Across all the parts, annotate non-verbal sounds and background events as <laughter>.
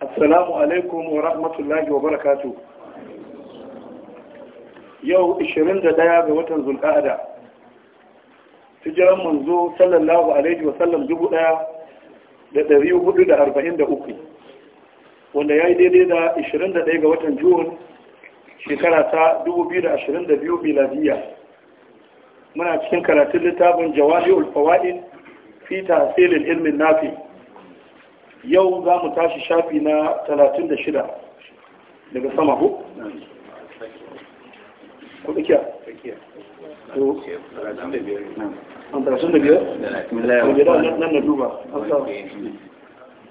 assalamu alaikum wa rahmatullahi wa barakatu yau 21 ga watan zulƙa'ada Tijiran manzo sallallahu alaihi wa sallam dubu ɗaya da ɗari hudu da arba'in da uku wanda ya yi daidai da 21 ga watan Jun shekara ta 2022 miladiya muna cikin karatun littafin jawahirul fawaid fi tasirin ilmin nafi' yau za mu tashi shafi na 36 daga sama ko?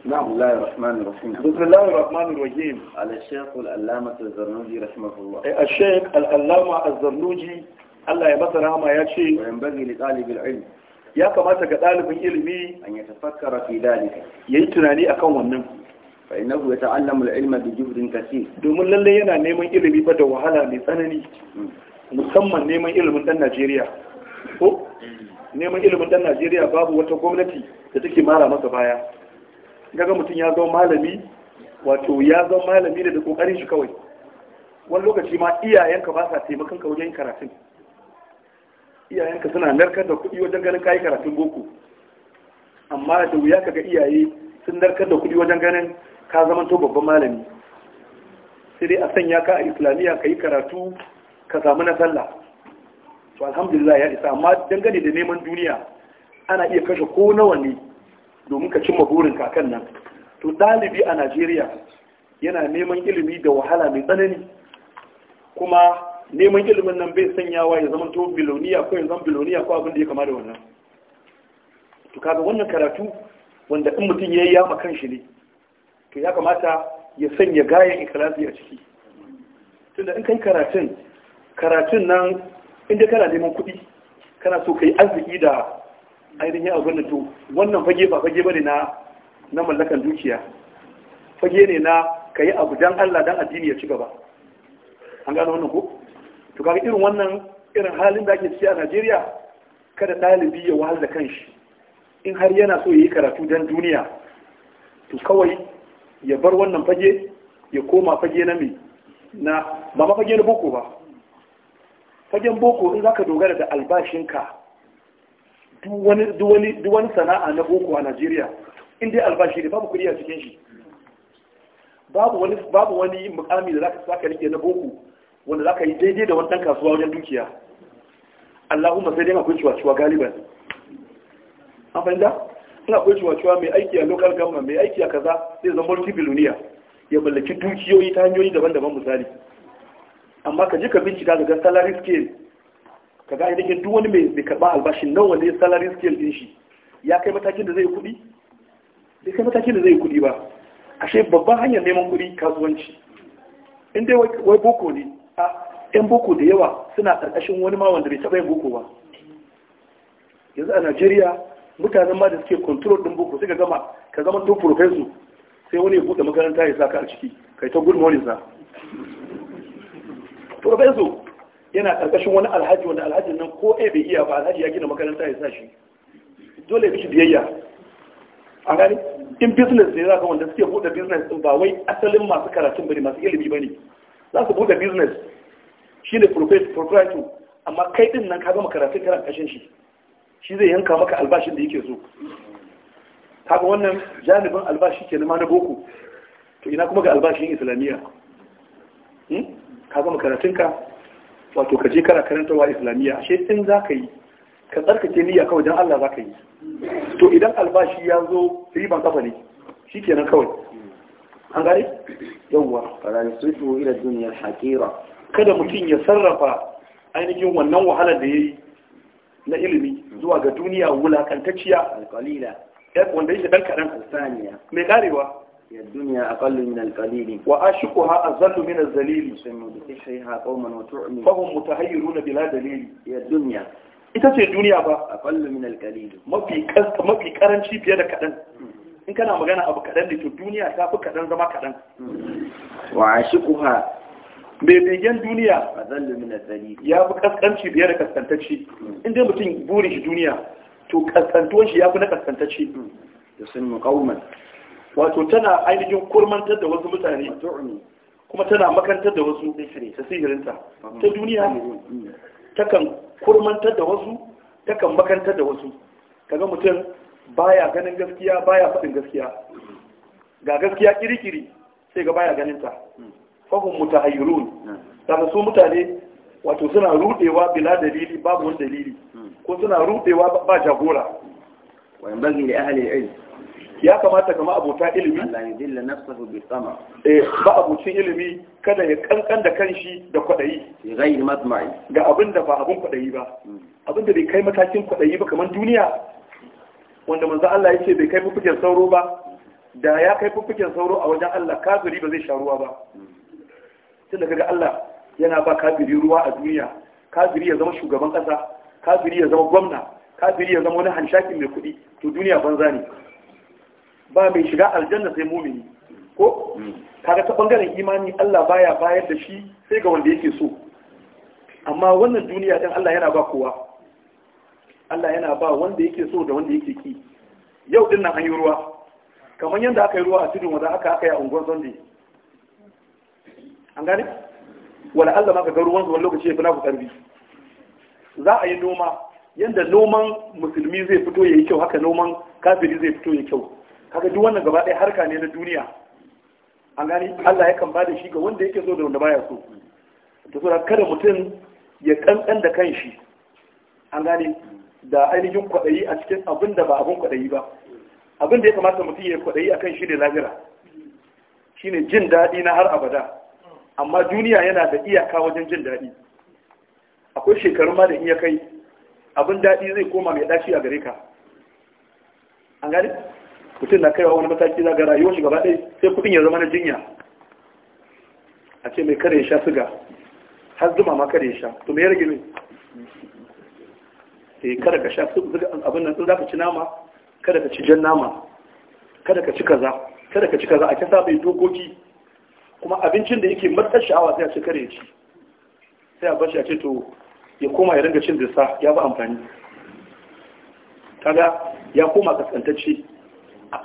الله الرحمن الرحيم بسم الله الرحمن الرحيم على الشيخ العلامة الزرنوجي رحمه الله الشيخ الألامة الزرنوجي الله يبطر ما يشي وينبغي لطالب العلم ya kamata ga ɗalibin ilimi an ya tafakkara fi dalika yi tunani akan wannan fa innahu yata'allamu al-ilma bi juhdin kaseer domin lalle yana neman ilimi fa da wahala mai tsanani mm. musamman neman ilimin dan Najeriya ko mm. neman ilimin dan Najeriya babu wata gwamnati da take mara masa baya daga mutum ya zama malami wato ya zama malami da kokarin shi kawai wani lokaci ma iyayenka ba sa taimakon ka wajen karatun iyayenka suna narkar da kuɗi wajen ganin kayi karatun boko amma da wuya kaga iyaye sun narkar da kuɗi wajen ganin ka to babban malami sai dai a sanya ka a islamiyya ka yi karatu ka samu na sallah to alhamdulillah ya isa amma dangane da neman duniya ana iya kashe ko nawa ne domin ka cimma burin kakan nan to dalibi a najeriya yana neman ilimi da wahala mai tsanani kuma neman ilimin nan bai sanyawa ya zama tuwon biloniya ko yanzu biloniya ko abin da ya kama da wannan to kaga wannan karatu wanda in mutum ya yi ya makan shi ne to ya kamata ya sanya gayan Ikilasi a ciki tunda in kai karatun karatun nan inda kana neman kuɗi kana so kai arziki da ainihin abin da to wannan fage ba fage ne na na mallakan dukiya fage ne na kai abu dan Allah dan addini ya ci gaba an gano wannan ko to kaga irin wannan irin halin da ake ciki a Najeriya kada ɗalibi ya wahal da kanshi in har yana so ya yi karatu don duniya to kawai ya bar wannan fage ya koma fage na me, na ba ma fage na boko ba fagen boko in zaka dogara da albashinka duk wani sana'a na boko a Najeriya in dai albashi ne babu kudi a cikin shi babu wani mukami da zaka saka rike na boko wanda za ka yi daidai da wannan kasuwa wajen dukiya allahumma sai dai kuwa cewa galiban an fahimta suna cewa cewa mai aiki a local government mai aiki a kaza zai zama multi-billionaire ya mallaki dukiyoyi ta hanyoyi daban-daban misali amma ka ji ka bincika ga salary scale ka ga ainihin duk wani mai karɓa albashin nan wanda ya salary scale din shi ya kai matakin da zai kuɗi bai kai matakin da zai kuɗi ba ashe babban hanyar neman kuɗi kasuwanci in dai wai boko ne yan boko da yawa suna ƙarƙashin wani ma wanda bai taɓa yin boko ba yanzu a najeriya mutanen ma da suke control ɗin boko ka gama ka zama to professor sai wani ya buɗe makaranta ya saka a ciki kai ta good morning sa professor yana ƙarƙashin wani alhaji wanda alhajin nan ko ɗaya bai iya ba alhaji ya gina makaranta ya sa shi dole ya biyayya a gani in business ne za ka wanda suke buɗe business ɗin ba wai asalin masu karatun bane masu ilimi bane za su buɗe business shi ne proprietor amma kai din nan ka gama karatun karan kashin shi shi zai yanka maka albashin da yake so kaga wannan janibin albashi ke na boko to ina kuma ga albashin islamiyya hmm? ka gama ka? wato ka je kana karantarwa islamiyya ashe in za ka yi ka tsarkake niyya kawai don Allah za ka yi to idan albashi ya zo riban kafa ne shi kenan kawai an gane yawwa fara yusufu ila duniyar hakira kada mutum ya sarrafa ainihin wannan wahalar da ya yi na ilimi zuwa ga duniya wulakantacciya alƙalila wanda yake ɗan kaɗan alsaniya mai karewa ya duniya a aqallu min alqalil wa ashquha azallu min alzalil sunnu bi shayha qauman wa tu'min fahum mutahayyiruna bila dalil ya duniya ita ce duniya ba aqallu min alqalil mafi kasta mafi karanci fiye da kaɗan hmm. in kana magana abu kaɗan da to duniya ta fi kaɗan zama kaɗan wa ha. mai begen duniya ya fi kaskanci biyar da kaskantacci hmm. inda mutum burin shi duniya to kaskantuwan shi ya fi na kaskantacci hmm. da sun muƙauman wato tana ainihin kurmantar da wasu mutane kuma tana makantar da wasu ta sihirinta hmm. ta duniya takan kurmantar da wasu takan makantar da wasu kaga mutum baya ganin gaskiya baya faɗin gaskiya ga gaskiya kiri-kiri sai ga baya ganin ta fahim mutahayyirun hmm. daga su mutane wato suna rudewa bila dalili babu wani dalili hmm. ko suna rudewa ba jagora wani bagi da ahli yi ya kamata kama abota ilimi Allah ya bi sama eh ba abucin ilimi kada ya kankan da kanshi da kwadayi ya ga abin da ba abin kwadayi ba hmm. abin da bai kai matakin kwadayi ba kamar duniya wanda manzo Allah ya ce bai kai fufuken sauro ba da ya kai fufuken sauro a wajen Allah kafiri ba zai sha ruwa ba tun da Allah yana ba kafiri ruwa a duniya kafiri ya zama shugaban kasa kafiri ya zama gwamna kafiri ya zama wani hanshakin mai kuɗi to duniya banza ne ba mai shiga aljanna sai mumini ko kaga ta bangaren imani Allah baya bayar da shi sai ga wanda yake so amma wannan duniya din Allah yana ba kowa Allah yana ba wanda yake so da wanda yake ki yau din nan an yi ruwa kamar yanda aka yi ruwa a tudun wanda aka aka yi a unguwar Sunday an gane Wani Allah ma ka ga ruwan wani lokaci ya fi naku karbi? za a yi noma yadda noman musulmi zai fito ya yi kyau haka noman kafiri zai fito ya yi kyau haka duk wannan gaba ɗaya harka ne na duniya an gane Allah yakan ba da shi ga wanda yake so da wanda baya so to saboda kada mutum ya kankan da kanshi an gane da ainihin kwaɗayi a cikin abin da ba abin kwaɗayi ba abin da ya kamata mutum ya kwaɗayi a kan shi ne lahira shi ne jin daɗi na har abada amma duniya yana da iyaka wajen jin daɗi akwai shekarun ma da iyakai kai abin daɗi zai koma mai ɗaci a gare ka an gani mutum na kaiwa wani mataki za ga rayuwar shi gaba ɗai sai kuɗin ya zama na jinya a ce mai kare sha suga har zuma ma kare sha to me ya rage min eh kada ka sha suga abin nan sun za ka ci nama kada ka ci jan nama kada ka ci kaza kada ka ci kaza a kasa bai dokoki kuma abincin da yake matar sha'awa sai a ci kare ci sai a bashi a ce to ya koma ya ringa cin dirsa ya ba amfani kaga ya koma kaskantacce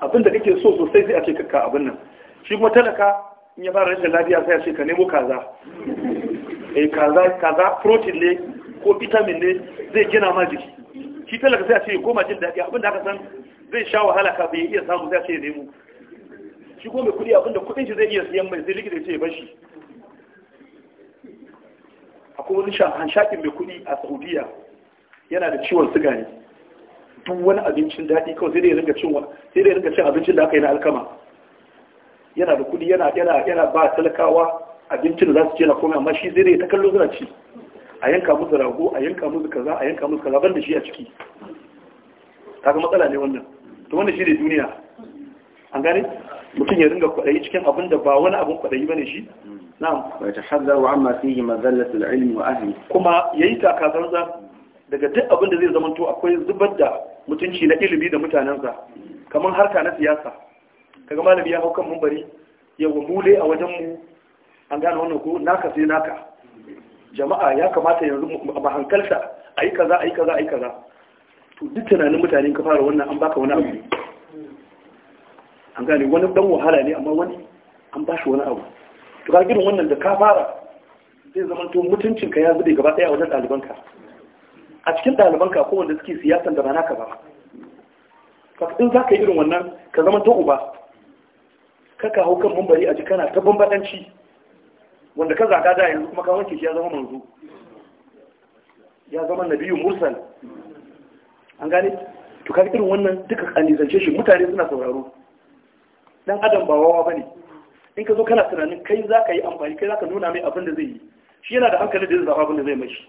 abin da kake so sosai sai a ce kakka abin nan shi kuma talaka in ya fara rashin lafiya sai a ce ka nemo kaza eh kaza kaza protein ne ko vitamin ne zai gina ma jiki shi talaka sai a ce ya koma jin daɗi abin da aka san zai sha wahala ka bai iya samu sai a ce ya nemo shi ko mai kudi abinda kudin shi zai iya siyan mai zai likita ce ya a akwai wani hanshakin mai kudi a saudiya yana da ciwon suga ne duk wani abincin daɗi kawai sai dai ringa cin ringa cin abincin da aka yi na alkama yana da kudi yana yana yana ba talakawa abincin da za su ce na komai amma shi zai dai ta kallo zuwa ci a yanka musu rago a yanka musu kaza a yanka musu kaza ban da shi a ciki kaga matsala ne wannan to wannan shi ne duniya an gane mutum ya ringa kwaɗayi cikin abin da ba wani abin kwaɗayi ba ne shi na'am wa ta wa amma fihi mazallatu al-ilmi wa ahli kuma yayi takazanza daga duk abin da zai zama to akwai zubar da mutunci na ilimi da mutanensa kamar harka na siyasa kaga malami ya hau kan mumbari ya wumule a wajenmu an gane wannan ko naka sai naka jama'a ya kamata yanzu a hankalta yi kaza a yi kaza a yi kaza to duk tunanin mutane ka fara wannan an baka wani abu an gane wani dan wahala ne amma wani an ba shi wani abu to ga gidan wannan da ka fara zai zama to mutuncinka ya zube gaba daya a wajen ɗalibanka a cikin ɗalibanka ko wanda suke siyasan da ba naka ba in za ka yi irin wannan ka zama to uba ka hau kan mambari a jikana ta bambadanci wanda ka zaga da yanzu kuma ka wanke shi ya zama manzo ya zama nabiyu mursal an gane to ka irin wannan duka an shi mutane suna sauraro dan adam ba wawa bane in ka zo kana tunanin kai za ka yi amfani kai za ka nuna mai abin da zai yi shi yana da hankali da zai zafa abin da zai mashi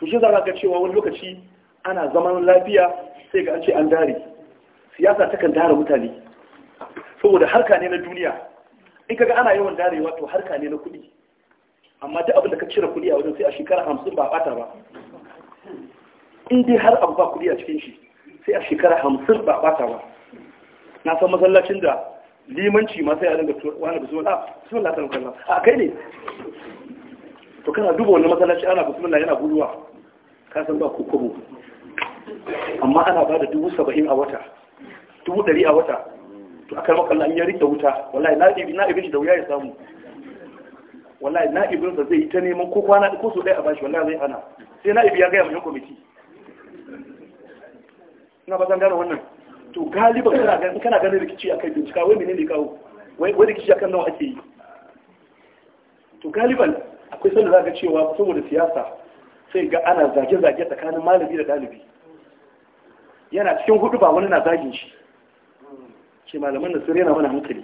to shi za ka cewa wani lokaci ana zaman lafiya sai ga an ce an dare siyasa ta kan dare mutane saboda harka ne na duniya in kaga ana yawan darewa to harka ne na kuɗi amma duk abin da ka cire kuɗi a wajen sai a shekara hamsin ba a ɓata ba in dai har abu ba kuɗi a cikin shi sai a shekara hamsin ba a ɓata ba na san masallacin da limanci ma sai a wani wani suna suna kan kallon a kai ne to kana duba wani masallaci ana bismillah yana guduwa ka san ba kokobo amma ana ba da dubu saba'in a wata dubu ɗari a wata to akar makalla an yi rike wuta wallahi ibi na ibi da wuya ya samu wallahi ibi da zai yi ta neman ko kwana ko so dai a bashi wallahi zai hana sai na'ibi ya gaya mai kwamiti ina ba zan gane wannan to galiban kana ganin kana ganin rikici akai bincika wai menene kawo wai rikici akan nawa ake yi to galiban akwai sanda zaka cewa saboda siyasa sai ga ana zage-zage tsakanin malami da dalibi yana cikin hudu ba wani na zagin shi Ke malaman da sun rena mana hankali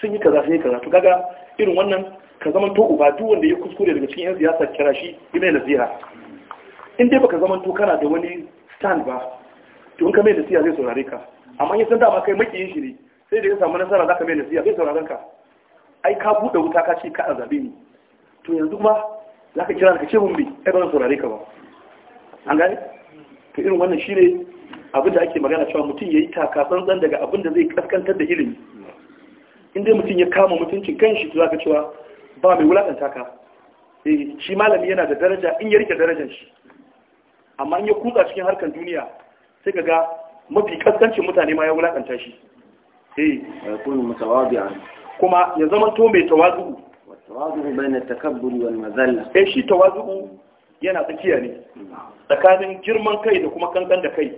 sun yi kaza sun yi kaza to gaga irin wannan ka zama to uba duk wanda ya kuskure daga cikin yan siyasa kira shi ina zira in dai baka zama to kana da wani stand ba to in ka mai da siya zai saurare ka amma ya san dama kai makiyin shi ne sai da ya samu nasara zaka mai nasiya sai sauran ka ai ka buɗe wuta ka ce ka azabe ni to yanzu kuma zaka kira ka ce mun bi ai ba saurare ka ba an gane to irin wannan shi ne abin da ake magana cewa mutum yi taka tsantsan daga abin da zai kaskantar da ilimi in dai mutum ya kama mutuncin kanshi to ka cewa ba mai wulakanta ka eh shi malami yana da daraja in ya rike darajar shi amma in ya kutsa cikin harkar duniya sai ka ga mafi kaskancin mutane ma ya wulakanta shi eh kuma ya zama to mai tawazu tawazu na takabbur wal mazalla eh shi tawazu yana tsakiya ne tsakanin girman kai da kuma kankan da kai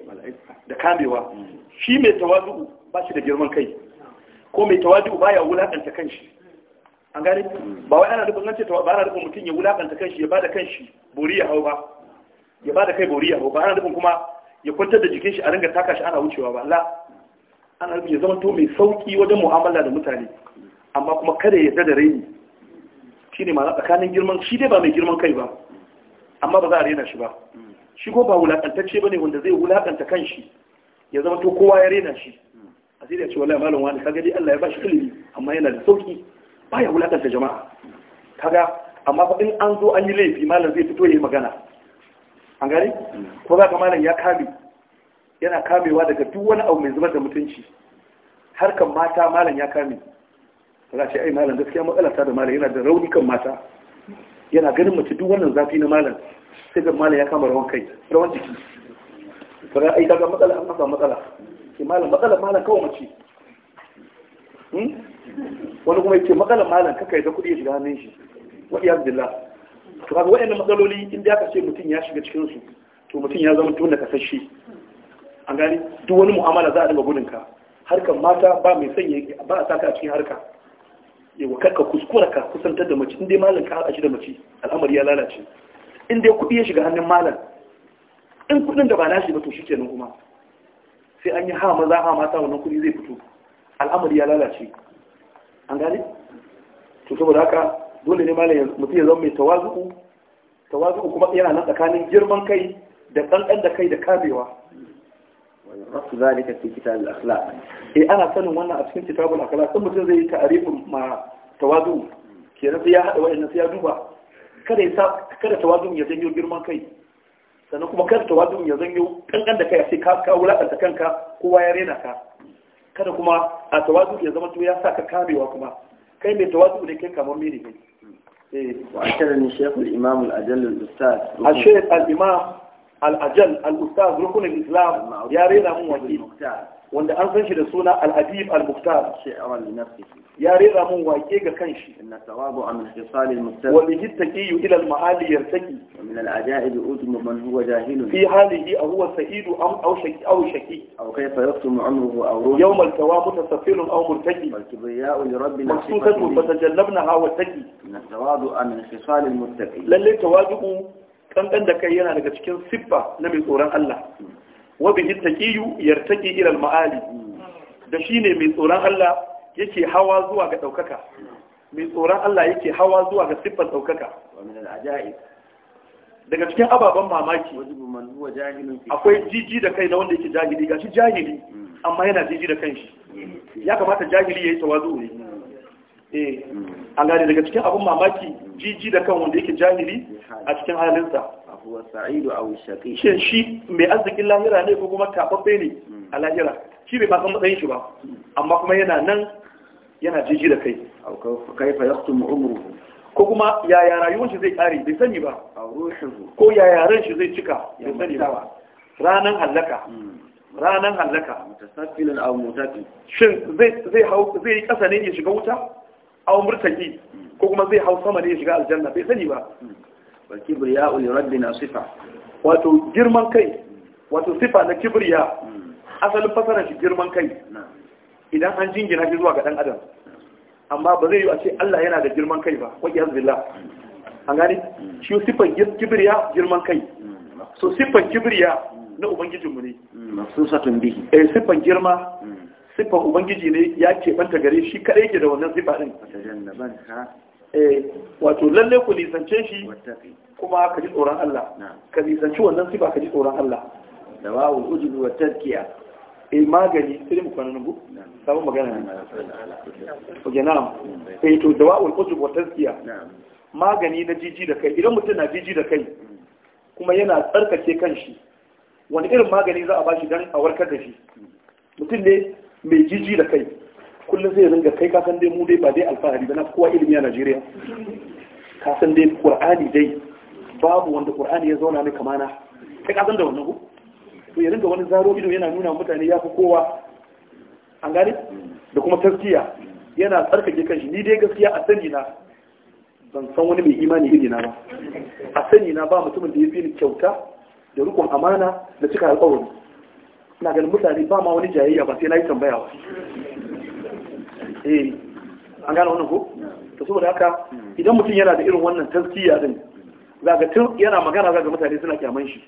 da kamewa shi mai tawazu ba shi da girman kai ko mai tawazu baya wulakanta kanshi an gane ba wai ana nufin ce ba ana nufin mutum ya wulakanta kanshi ya bada kanshi bori ya hau ba ya bada kai bori ya hau ba ana nufin kuma ya kwantar da jikin shi a ringa taka shi ana wucewa ba la ana ya zama to mai sauki wajen mu'amala da mutane amma kuma kada ya dada raini ne ma'ana tsakanin girman shi dai ba mai girman kai ba amma ba za a rena shi ba shi ko ba wulakantacce bane wanda zai wulakanta shi. ya zama to kowa ya rena shi a sai da ce wallahi malam wani kaga dai Allah ya bashi ilimi amma yana da sauki baya wulakanta jama'a kaga amma fa in an zo an yi laifi malam zai fito yayi magana an gane ko za ka malam ya kame yana kamewa daga duk wani abu mai zubar da mutunci harkan mata malam ya kame ta za ce ai malam gaskiya matsala ta da malam yana da rauni kan mata yana ganin mace duk wannan zafi na malam sai ga malam ya kama rawan kai rawan jiki fara ai daga matsala an kasa matsala ke malam matsala malam kawai mace hmm? wani kuma yake matsala malam kakai da kuɗi ya shiga hannun shi wa billah to ga waɗannan matsaloli in da aka ce mutum ya shiga cikin su to mutum ya zama tun da kasashe an gani duk wani mu'amala za a dinga gudun ka harkar mata ba mai sanya ba a saka a cikin harka yawa karka kuskura ka kusantar da mace inda dai malam ka haɗa shi da mace al'amari ya lalace in dai kuɗi ya shiga hannun malam in kuɗin da ba nashi ba to shi kuma sai an yi ha maza ha mata wannan kuɗi zai fito al'amari ya lalace an gani to saboda haka dole ne malam mutum ya zama mai tawazu'u tawazu'u kuma yana nan tsakanin girman kai da ɗanɗan da kai da kamewa wasu zalika fi kita al eh ana sanin wannan a cikin kitab al-akhlaq sun mutum zai yi ta'arifin ma tawazu'u kenan sai ya hada wayannan sai ya duba kada ya kada tawazu ya janyo girman kai sannan kuma kada tawazu'u ya janyo ɗanɗan da kai a sai ka ka wulakanta kanka kowa ya rena ka kada kuma a tawazu ya zama to ya saka kamewa kuma kai mai شيخ الإمام الأجل الأستاذ الشيخ الإمام الأجل الأستاذ ركن الإسلام يا رينا مو wanda an san shi da suna al-habib al-muqtar shi'ar nafsi ya rera mun wake ga kanshi inna thawabu an hisal al-muqtar wa bihi taqiyu ila al-ma'ali yartaqi min al-ajaib udum man huwa jahil fi halihi aw huwa sa'id am aw shaki aw shaki aw kayfa yaktum umruhu aw ruhu yawm al-thawabu tasfil aw murtaki bal kibriya li rabbina maqsudatu taqi inna an hisal al lalle tawadu kankan da kai yana daga cikin siffa na mai tsoron Allah wa bihi taqiyu yartaqi ila al-ma'ali da shine mai tsoron Allah yake hawa zuwa ga daukaka mai tsoron Allah yake hawa zuwa ga siffar daukaka daga cikin ababen mamaki akwai jiji da kai na wanda yake jahili gashi jahili hmm. amma yana jiji da kanshi hmm. ya kamata jahili yayi tawazu ne hmm. eh an gane daga cikin abun mamaki jiji da kan wanda yake jahili a cikin halinsa huwa sa'idu aw shaqi shin shi mai arzikin lahira ne ko kuma tababbe ne hmm. a lahira shi bai ba san matsayin shi ba hmm. amma kuma yana nan yana jiji da kai aw kaifa yaqtumu umru ko kuma ya rayuwar shi zai kare bai sani ba ko ya ran shi zai cika bai sani ba ranan halaka hmm. ranan halaka. mutasaffilan aw mutaqi shin zai zai hau zai yi kasa ne ya shiga wuta aw murtaki ko kuma zai hau sama ne ya shiga aljanna bai sani ba wal kibriya uli na sifa wato girman kai wato sifa na kibriya asalin fasarar shi girman kai idan an jingina shi zuwa ga dan adam amma ba zai yi a ce Allah yana da girman kai ba wa iyaz billah an gani shi siffar kibriya girman kai so siffar kibriya na ubangijinmu ne masusatun bihi eh siffar girma siffar ubangiji ne ya keɓanta gare shi kaɗai ke da wannan siffa ɗin Eh, wato lalle ku nisance shi kuma ka ji tsoron Allah ka nisanci wannan sifa ka ji tsoron Allah da ba wa ujubi wa tazkiya eh magani sai mu kwana nubu sabon magana ne oke na'am eh to da wa'ul ujubi wa tazkiya magani na jiji da kai idan mutum na jiji da kai mm. kuma yana tsarkake kanshi wani irin magani za a bashi dan a warkar da shi mm. mutum ne mai jiji da kai kullum zai ringa kai kasan dai mu dai ba dai alfahari ba na kowa ilimi a Najeriya kasan dai Qur'ani dai babu wanda Qur'ani ya zauna ne kamana kai kasan da wannan ku to ya ringa wani zaro ido yana nuna mutane ya fi kowa an gane da kuma taskiya yana tsarkake kanshi ni dai gaskiya a sani na ban san wani mai imani iri na ba a sani na ba mutumin da ya fi ni kyauta da rukun amana da cika alƙawari ina ganin mutane ba ma wani jayayya ba sai na yi tambaya an gane wannan ko to saboda haka idan mutum yana da irin wannan tazkiya din zaka tun yana magana zaka mutane suna kyaman shi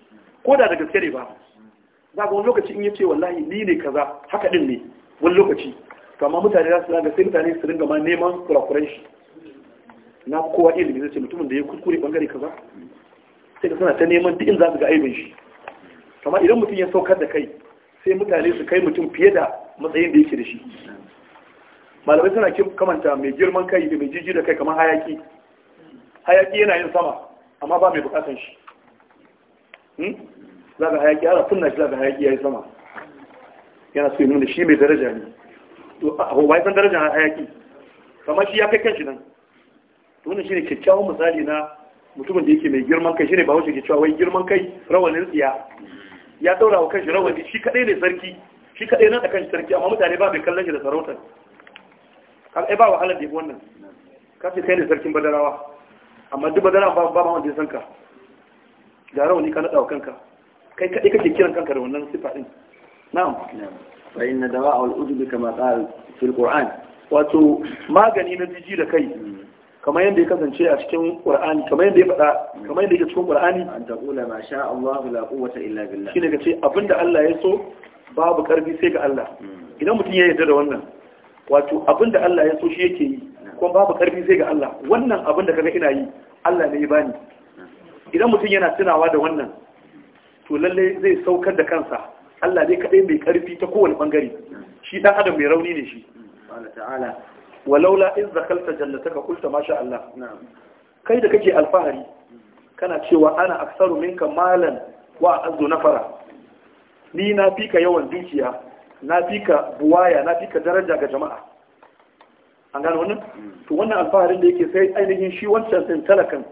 ko da da gaske ne ba zaka wani lokaci in yace wallahi ni ne kaza haka din ne wani lokaci to amma mutane za su zaga sai mutane su dinga ma neman kurakuran shi na kowa ilimi zai ce mutumin da ya kuskure bangare kaza sai ka suna ta neman duk in za su ga aibin shi amma idan mutum ya saukar da kai sai mutane su kai mutum fiye da matsayin da yake da shi malamai suna kamanta mai girman kai da mai jiji da kai kamar hayaki hayaki yana yin sama amma ba mai bukatan shi hmm? za ga hayaki ala kunna shi za ka hayaki ya yi sama yana so yi nuna shi mai daraja ne to a wai san daraja hayaki kamar shi ya kai kanshi nan to shi ne kyakkyawan misali na mutumin da yake mai girman kai ne ba wuce ke cewa wai girman kai rawanin tsiya ya daura wa kanshi rawani shi kadai ne sarki shi kadai na da kanshi sarki amma mutane ba mai kallon shi da sarautar kan ba wahalar da yi wannan ka ce kai ne sarkin badarawa amma duk badarawa ba ba wanda ya san ka ga rauni ka nadawa kanka kai kadai kake kiran kanka da wannan sifa din na'am fa inna dawa wal udbi kama qal fil quran wato magani na jiji da kai kamar yadda ya kasance a cikin Qur'ani kamar yadda ya faɗa kamar yadda yake cikin Qur'ani an taqula ma sha Allah la quwwata illa billah shine kace abinda Allah ya so babu karfi sai ga Allah hmm. idan mutum ya yarda da wannan wato abinda Allah ya so shi yake yi ko babu karfi sai ga Allah wannan abin da kaga ina yi Allah ne ya bani idan mutum yana tunawa da wannan to lalle zai saukar da kansa Allah ne kadai mai karfi ta kowane bangare shi dan adam mai rauni ne shi ta'ala walaula in zakalta jannataka qulta ma sha Allah kai da kake alfahari kana cewa ana aksaru minka malan wa azu nafara ni na fika yawan dukiya na fi ka buwaya na fi ka daraja ga jama'a an gano wannan mm. to wannan alfaharin da yake sai ainihin shi wancan sai talakan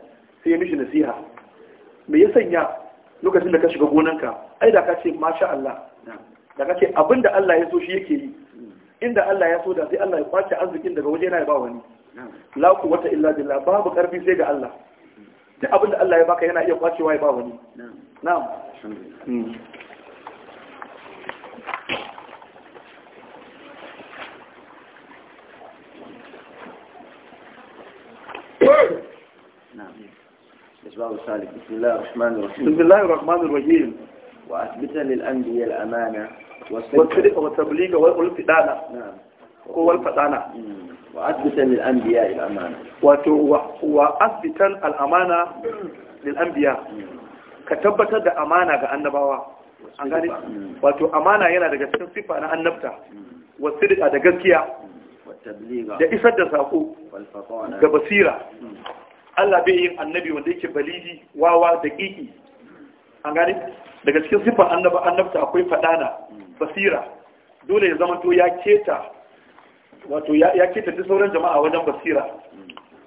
sai ya mishi nasiha me ya sanya lokacin da ka shiga gonanka ai da ka ce masha Allah da ka ce abinda Allah ya so shi yake yi mm. inda Allah ya so da sai Allah ya kwace arzikin daga waje na ya ba wani la wata illa billah babu karfi sai ga Allah mm. duk abinda Allah ya baka yana iya kwacewa ya ba wani na'am إسباب الثالث بسم الله الرحمن الرحيم بسم الله الرحمن الرحيم وأثبت للأنبياء الأمانة والصدق والتبليغ والفدانة نعم والفدانة وأثبت للأنبياء الأمانة وأثبت الأمانة للأنبياء كتبت الأمانة كأنبوا an gane wato amana yana daga cikin sifa na annabta wasu da gaskiya da isar da sako da basira Allah bai yin annabi wanda yake balidi wawa da ƙiƙi an gani daga cikin siffar annaba annabta akwai faɗana basira dole ya zama to ya keta wato ya keta duk sauran jama'a wajen basira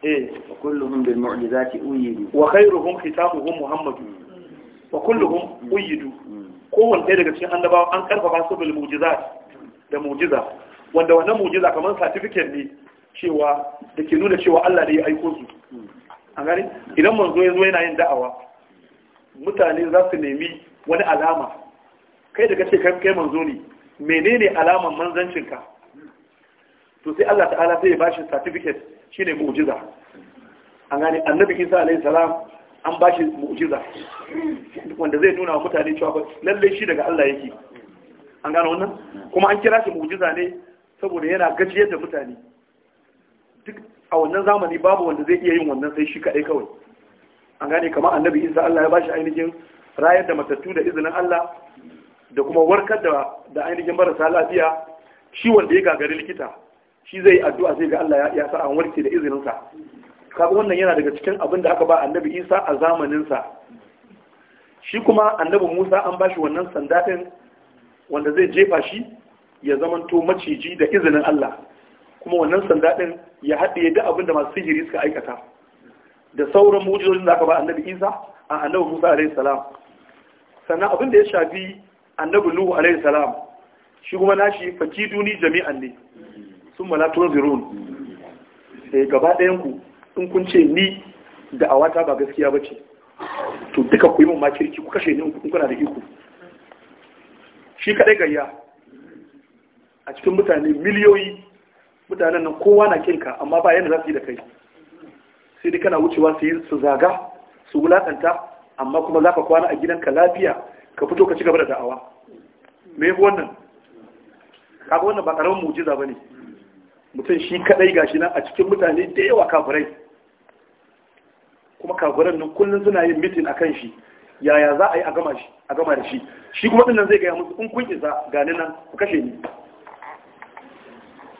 eh wa kulluhum bil mu'jizati uyidu wa khairuhum khitamuhum muhammadu wa kulluhum mm. uyidu mm. kowanne daga cikin annabawa an karfafa su bil mu'jizat da mu'jiza wanda wannan mujiza kamar certificate ne cewa da ke nuna cewa Allah ne ya aiko su an gani idan manzo ya zo yana yin da'awa mutane za su nemi wani alama kai da kace kai kai manzo ne menene alaman manzancinka to sai Allah ta'ala sai ya bashi certificate shine mu'jiza an gani annabi Isa alaihi salam an bashi mu'jiza wanda zai nuna wa mutane cewa lalle shi daga Allah yake an gano wannan kuma an kira shi mu'jiza ne saboda yana gajiyar da mutane duk a wannan zamani babu wanda zai iya yin wannan sai shi kaɗai kawai an gane kama annabi isa Allah ya ba shi ainihin rayar da matattu da izinin Allah da kuma warkar da ainihin marasa lafiya shi wanda ya gagari likita shi zai addu'a zai ga Allah ya sa an warke da izininsa kaga wannan yana daga cikin abin da aka ba annabi isa a zamaninsa shi kuma annabi musa an ba shi wannan sanda ɗin wanda zai jefa shi ya zamanto maciji da izinin Allah kuma wannan sanda din ya haɗe da abin da masu sihiri suka aikata da sauran mujizojin da aka ba annabi Isa a annabi Musa alaihi salam sannan abin da ya shafi annabi Nuhu alaihi salam shi kuma nashi duni jami'an ne sun mala tuzirun sai eh, gaba ɗayan ku in kun ce ni da awata ba gaskiya bace to duka ku yi mun makirki ku kashe ni in kuna da iko shi kadai gayya a cikin mutane miliyoyi mutanen nan kowa na kinka amma ba yadda za su yi da kai sai dai kana wucewa su yi su zaga su wulakanta amma kuma za ka kwana a gidan ka lafiya ka fito ka ci gaba da da'awa me yi wannan kaga wannan ba karamin mujiza ne. mutum shi kadai gashi nan a cikin mutane da yawa kafirai kuma kafiran nan kullum suna yin mitin a kan shi yaya za a yi a gama da shi shi kuma nan zai gaya musu in kun isa gani nan ku kashe ni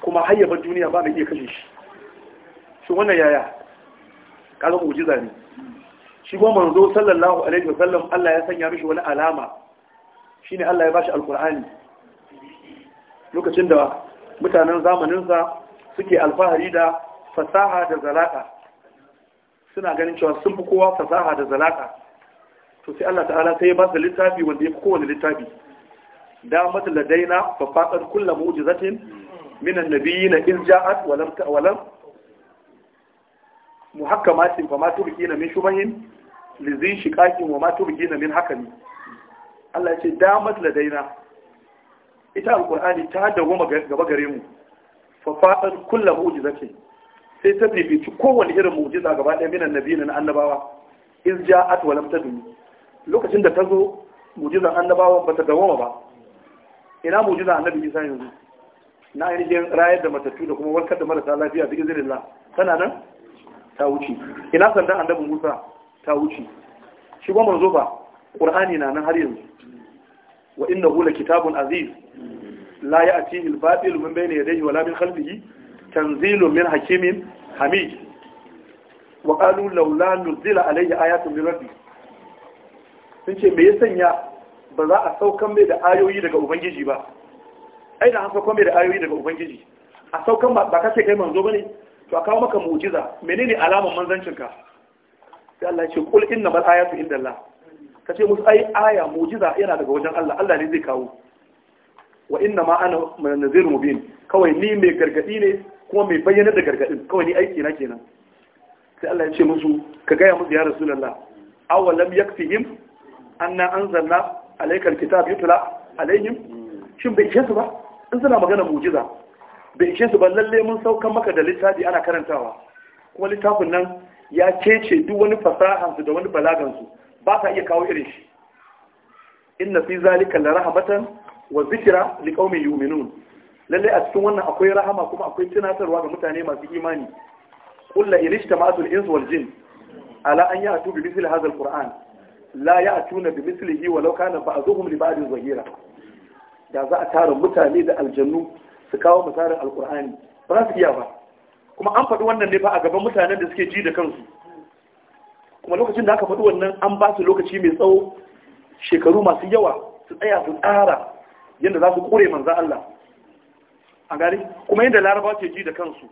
kuma hayyaban duniya ba mai iya kashe shi shi wannan yaya kaga mu'jiza ne shi kuma manzo sallallahu alaihi wa sallam Allah ya sanya mishi wani alama shine Allah ya bashi alqur'ani lokacin da mutanen zamanin sa suke alfahari da fasaha da zalaka suna ganin cewa sun fi kowa fasaha da zalaka to sai Allah ta'ala sai ya ba su littafi wanda ya fi kowane littafi da na fa faqad kullu mu'jizatin minan nabiyina iz ja'at wa lam wa lam muhakkamatin fa ma tubqina min shubahin li zi shiqaqin wa ma tubqina min hakami Allah ce damat ladaina ita alqur'ani ta dawoma gaba gare mu fa fadan kullu mu'jizati sai ta bibici kowanne irin mu'jiza gaba ɗaya minan nabiyina na annabawa iz ja'at wa lam tadun lokacin da ta zo mu'jizan annabawan ba ta ba ina mu'jizan annabi Isa yanzu na ainihin rayar da matattu da kuma warkar da marasa lafiya bi izinillah tana nan ta wuce ina sandan annabi Musa ta wuce shi goma zo ba Qur'ani na nan har yanzu wa innahu kitabun aziz la ya'tihi al-batil min bayni yadayhi wala min khalfihi tanzilun min hakimin hamid wa qalu laula nuzila alayhi ayatun min sun ce me ya sanya ba za a saukan mai da ayoyi daga ubangiji ba ai da an sauko mai da ayoyi daga ubangiji a saukan ba ka ce kai manzo bane to a kawo maka mu'jiza menene alamar manzancinka sai Allah ya ce qul innamal ayatu indallah ka ce musu ai aya mu'jiza yana daga wajen Allah Allah ne zai kawo wa inna ma ana nazir mubin kawai ni mai gargadi ne kuma mai bayyana da gargadin kawai ni aiki na kenan sai Allah ya ce musu ka gaya musu ya rasulullah awalam yakfihim anna anzalna alaykal kitab yutla alaihim shin bai isa ba in suna magana mujiza bai ishe su ba lalle mun saukan maka da littafi ana karantawa kuma littafin nan ya cece duk wani fasahansu da wani balagansu ba ta iya kawo irin shi inna fi zalika la rahmatan wa zikra liqaumin yu'minun lalle a cikin wannan akwai rahama kuma akwai tunatarwa ga mutane masu imani kullu ilistama'atul ins wal jin ala an ya'tu bi mithli hadha al-qur'an la ya'tuna bi mithlihi walau kana ba'dhuhum li ba'dhin zahira da za a tara mutane da aljannu su kawo misalin alkur'ani ba za su iya ba kuma an faɗi wannan ne fa a gaban mutanen da suke ji da kansu kuma lokacin da aka faɗi wannan an ba su lokaci mai tsawo shekaru masu yawa su tsaya su tsara yadda za su kure manzan Allah a gari kuma yadda larabawa ke ji da kansu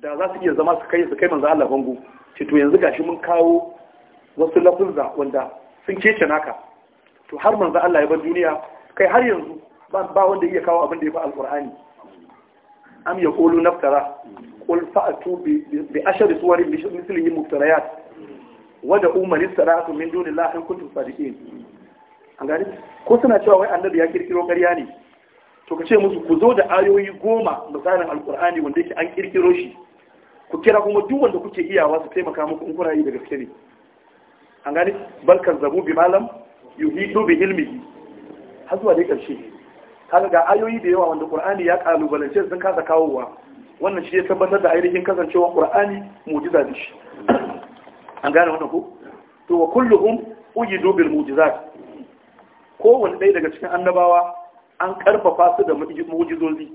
da za su iya zama su kai su kai manzan Allah bango ce to yanzu gashi mun kawo wasu lafuzza wanda sun kece naka to har manzan Allah ya bar duniya kai har yanzu ba wanda iya kawo abin da ya fi alkur'ani am ya kolo naftara kul fa'atu bi ashari suwarin mislihi muftarayat wadda umarin sara'atu min dunillahi kuntum sadiqin an gani ko suna cewa wai annabi ya kirkiro ƙarya ne to ka ce musu ku zo da ayoyi goma misalin alkur'ani wanda yake an kirkiro shi ku kira kuma duk wanda kuke iyawa su taimaka muku in kuna yi da gaske ne an gani bal kazzabu bi malam yuhidu bi ilmihi har zuwa dai karshe kaga ga ayoyi da yawa wanda qur'ani ya kalubalance sun kasa kawowa wannan shi ya tabbatar da ainihin kasancewar qur'ani mu'jiza da shi an gane wannan ko to wa kulluhum ujidu bil mu'jizat kowanne ɗaya daga cikin annabawa an karfafa su da mu'jizozi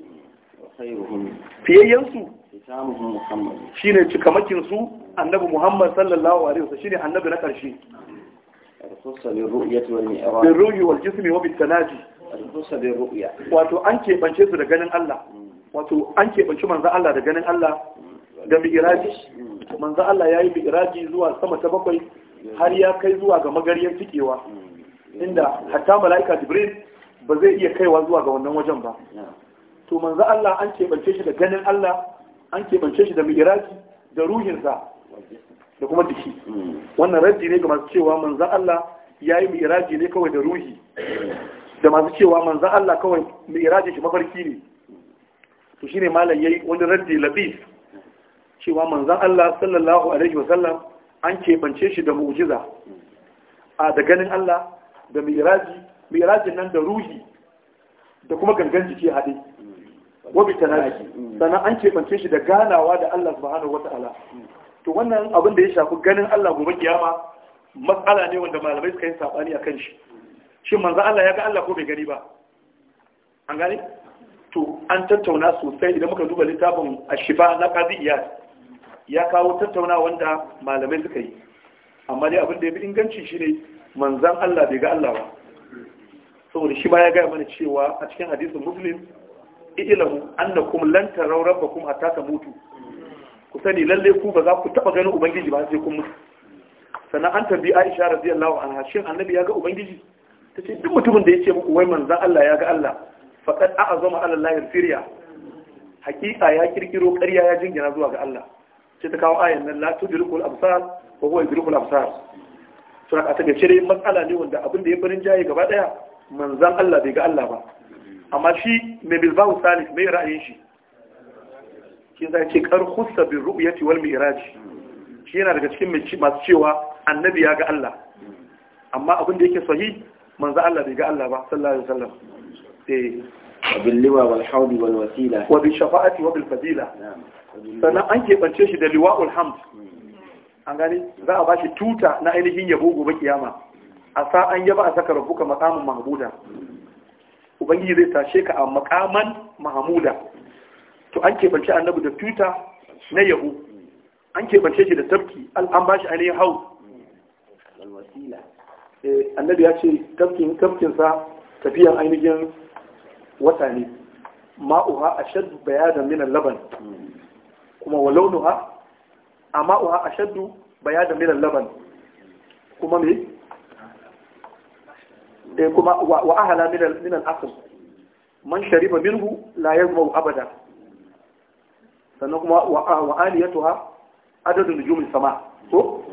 fiyayyansu shine cikamakin su annabi muhammad sallallahu alaihi wasallam shine annabi na karshe الخص بالرؤية والمعراج بالروح والجسم وبالتناجي الخص بالرؤية واتو أنكي بنشيس دقنن الله واتو أنكي بنشو منزع الله دقنن الله da mi'iraji manzo Allah ya yi mi'iraji zuwa sama ta bakwai har ya kai zuwa ga magaryar cikewa inda hatta mala'ika jibril ba zai iya kaiwa zuwa ga wannan wajen ba to manzo Allah an keɓance shi da ganin Allah an keɓance shi da mi'iraji da ruhinsa da kuma jiki wannan raddi ne ga masu cewa manza Allah ya yi miraji ne kawai da ruhi da masu cewa manza Allah kawai mirajin shi mafarki ne to ne malam yayi wani raddi labis cewa manzan Allah sallallahu alaihi wasallam an kebance shi da mu'jiza a da ganin Allah da miraji mirajin nan da ruhi da kuma gangan jiki haɗe wabi tanaji sannan an kebance shi da ganawa da Allah subhanahu wata'ala to wannan abin da ya shafi ganin Allah gobe kiyama matsala ne wanda malamai suka yi sabani akan shi shin manzo Allah ya ga Allah ko bai gani ba an gani? to an tattauna sosai idan muka duba littafin ashifa na qadi iyad ya kawo tattauna wanda malamai suka yi amma dai abin da ya bi inganci shine manzan Allah bai ga Allah ba saboda shi ba ya gaya mana cewa a cikin hadisin muslim ilahu annakum lan taraw rabbakum hatta tamutu ku sani lalle ku ba za ku taba ganin ubangiji ba sai kun mutu sannan an tambayi Aisha radiyallahu anha shin annabi ya ga ubangiji tace duk mutumin da yace muku wai manzon Allah ya ga Allah faqad a'azama ala Allah siriya hakika ya kirkiro ƙarya ya jingina zuwa ga Allah ce ta kawo ayan nan la tudrikul absar wa huwa yudrikul absar to aka ta gace dai matsala ne wanda abin da ya farin jaye gaba daya manzon Allah bai ga Allah ba amma shi mai Bilbao salih mai ra'ayin shi shi za ce kar hussa bin ru'yati wal mi'raj shi yana daga cikin masu cewa annabi ya ga Allah amma abin da yake sahi manzo Allah bai ga Allah ba sallallahu alaihi wasallam eh bil liwa wal hawli wal wasila wa bi shafa'ati wa bil fadila sannan an keɓance shi da liwa'ul hamd an gani za a bashi tuta na ainihin yabo gobe kiyama a sa an yaba a saka rabbuka maqaman mahmuda ubangiji zai tashe ka a makaman mahmuda to an keɓance annabi da tuta na yahu an keɓance shi da tafki an ba shi ainihin hau eh, annabi ya ce tafkin tafkinsa tafiyan ainihin wata ne ma'uha a shaddu bayadan minan laban kuma wa launuha a ma'uha a shaddu bayadan minan laban kuma me eh, kuma wa ahala minan asir man shariba minhu la yazmau abada sannan kuma wa aliyatuha adadun nujumin sama ko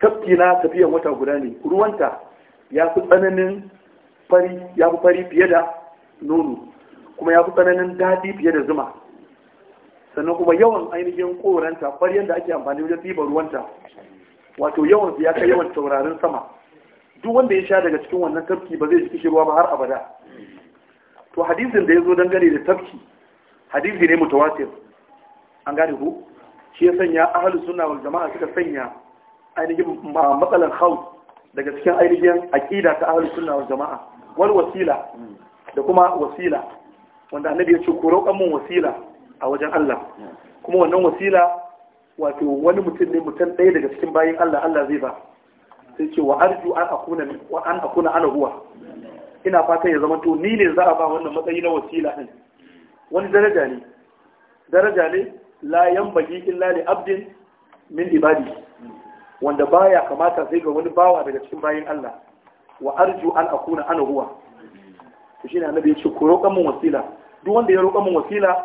tafki na tafiyan wata guda ne ruwanta ya fi tsananin fari ya fi fari fiye da nono kuma ya fi tsananin daɗi fiye da zuma sannan kuma yawan ainihin koranta ƙwaryar da ake amfani wajen ɗiba ruwanta wato yawan ya kai yawan taurarin sama duk wanda ya sha daga cikin wannan tafki ba zai ji kishirwa ba har abada to hadisin da ya zo dangane da tafki hadisi ne mutawatir an gane ku shi ya sanya ahalu suna wa jama'a suka sanya ainihin matsalar hau daga cikin ainihin aƙida ta ahalu suna wa jama'a Wani wasila da kuma wasila wanda annabi ya ce ku roƙan mun wasila a wajen Allah kuma wannan wasila wato wani mutum ne mutum ɗaya daga cikin bayin Allah Allah zai ba sai ce wa arju an akuna wa an akuna ana huwa ina fatan ya zama to ni ne za a ba wannan matsayi na wasila din wani daraja ne daraja ne la yanbaghi illa li abdin min ibadi wanda baya kamata sai ga wani bawa daga cikin bayin Allah wa arju an akuna ana huwa to shine annabi ya ce ko roƙan mun wasila duk wanda ya roƙan mun wasila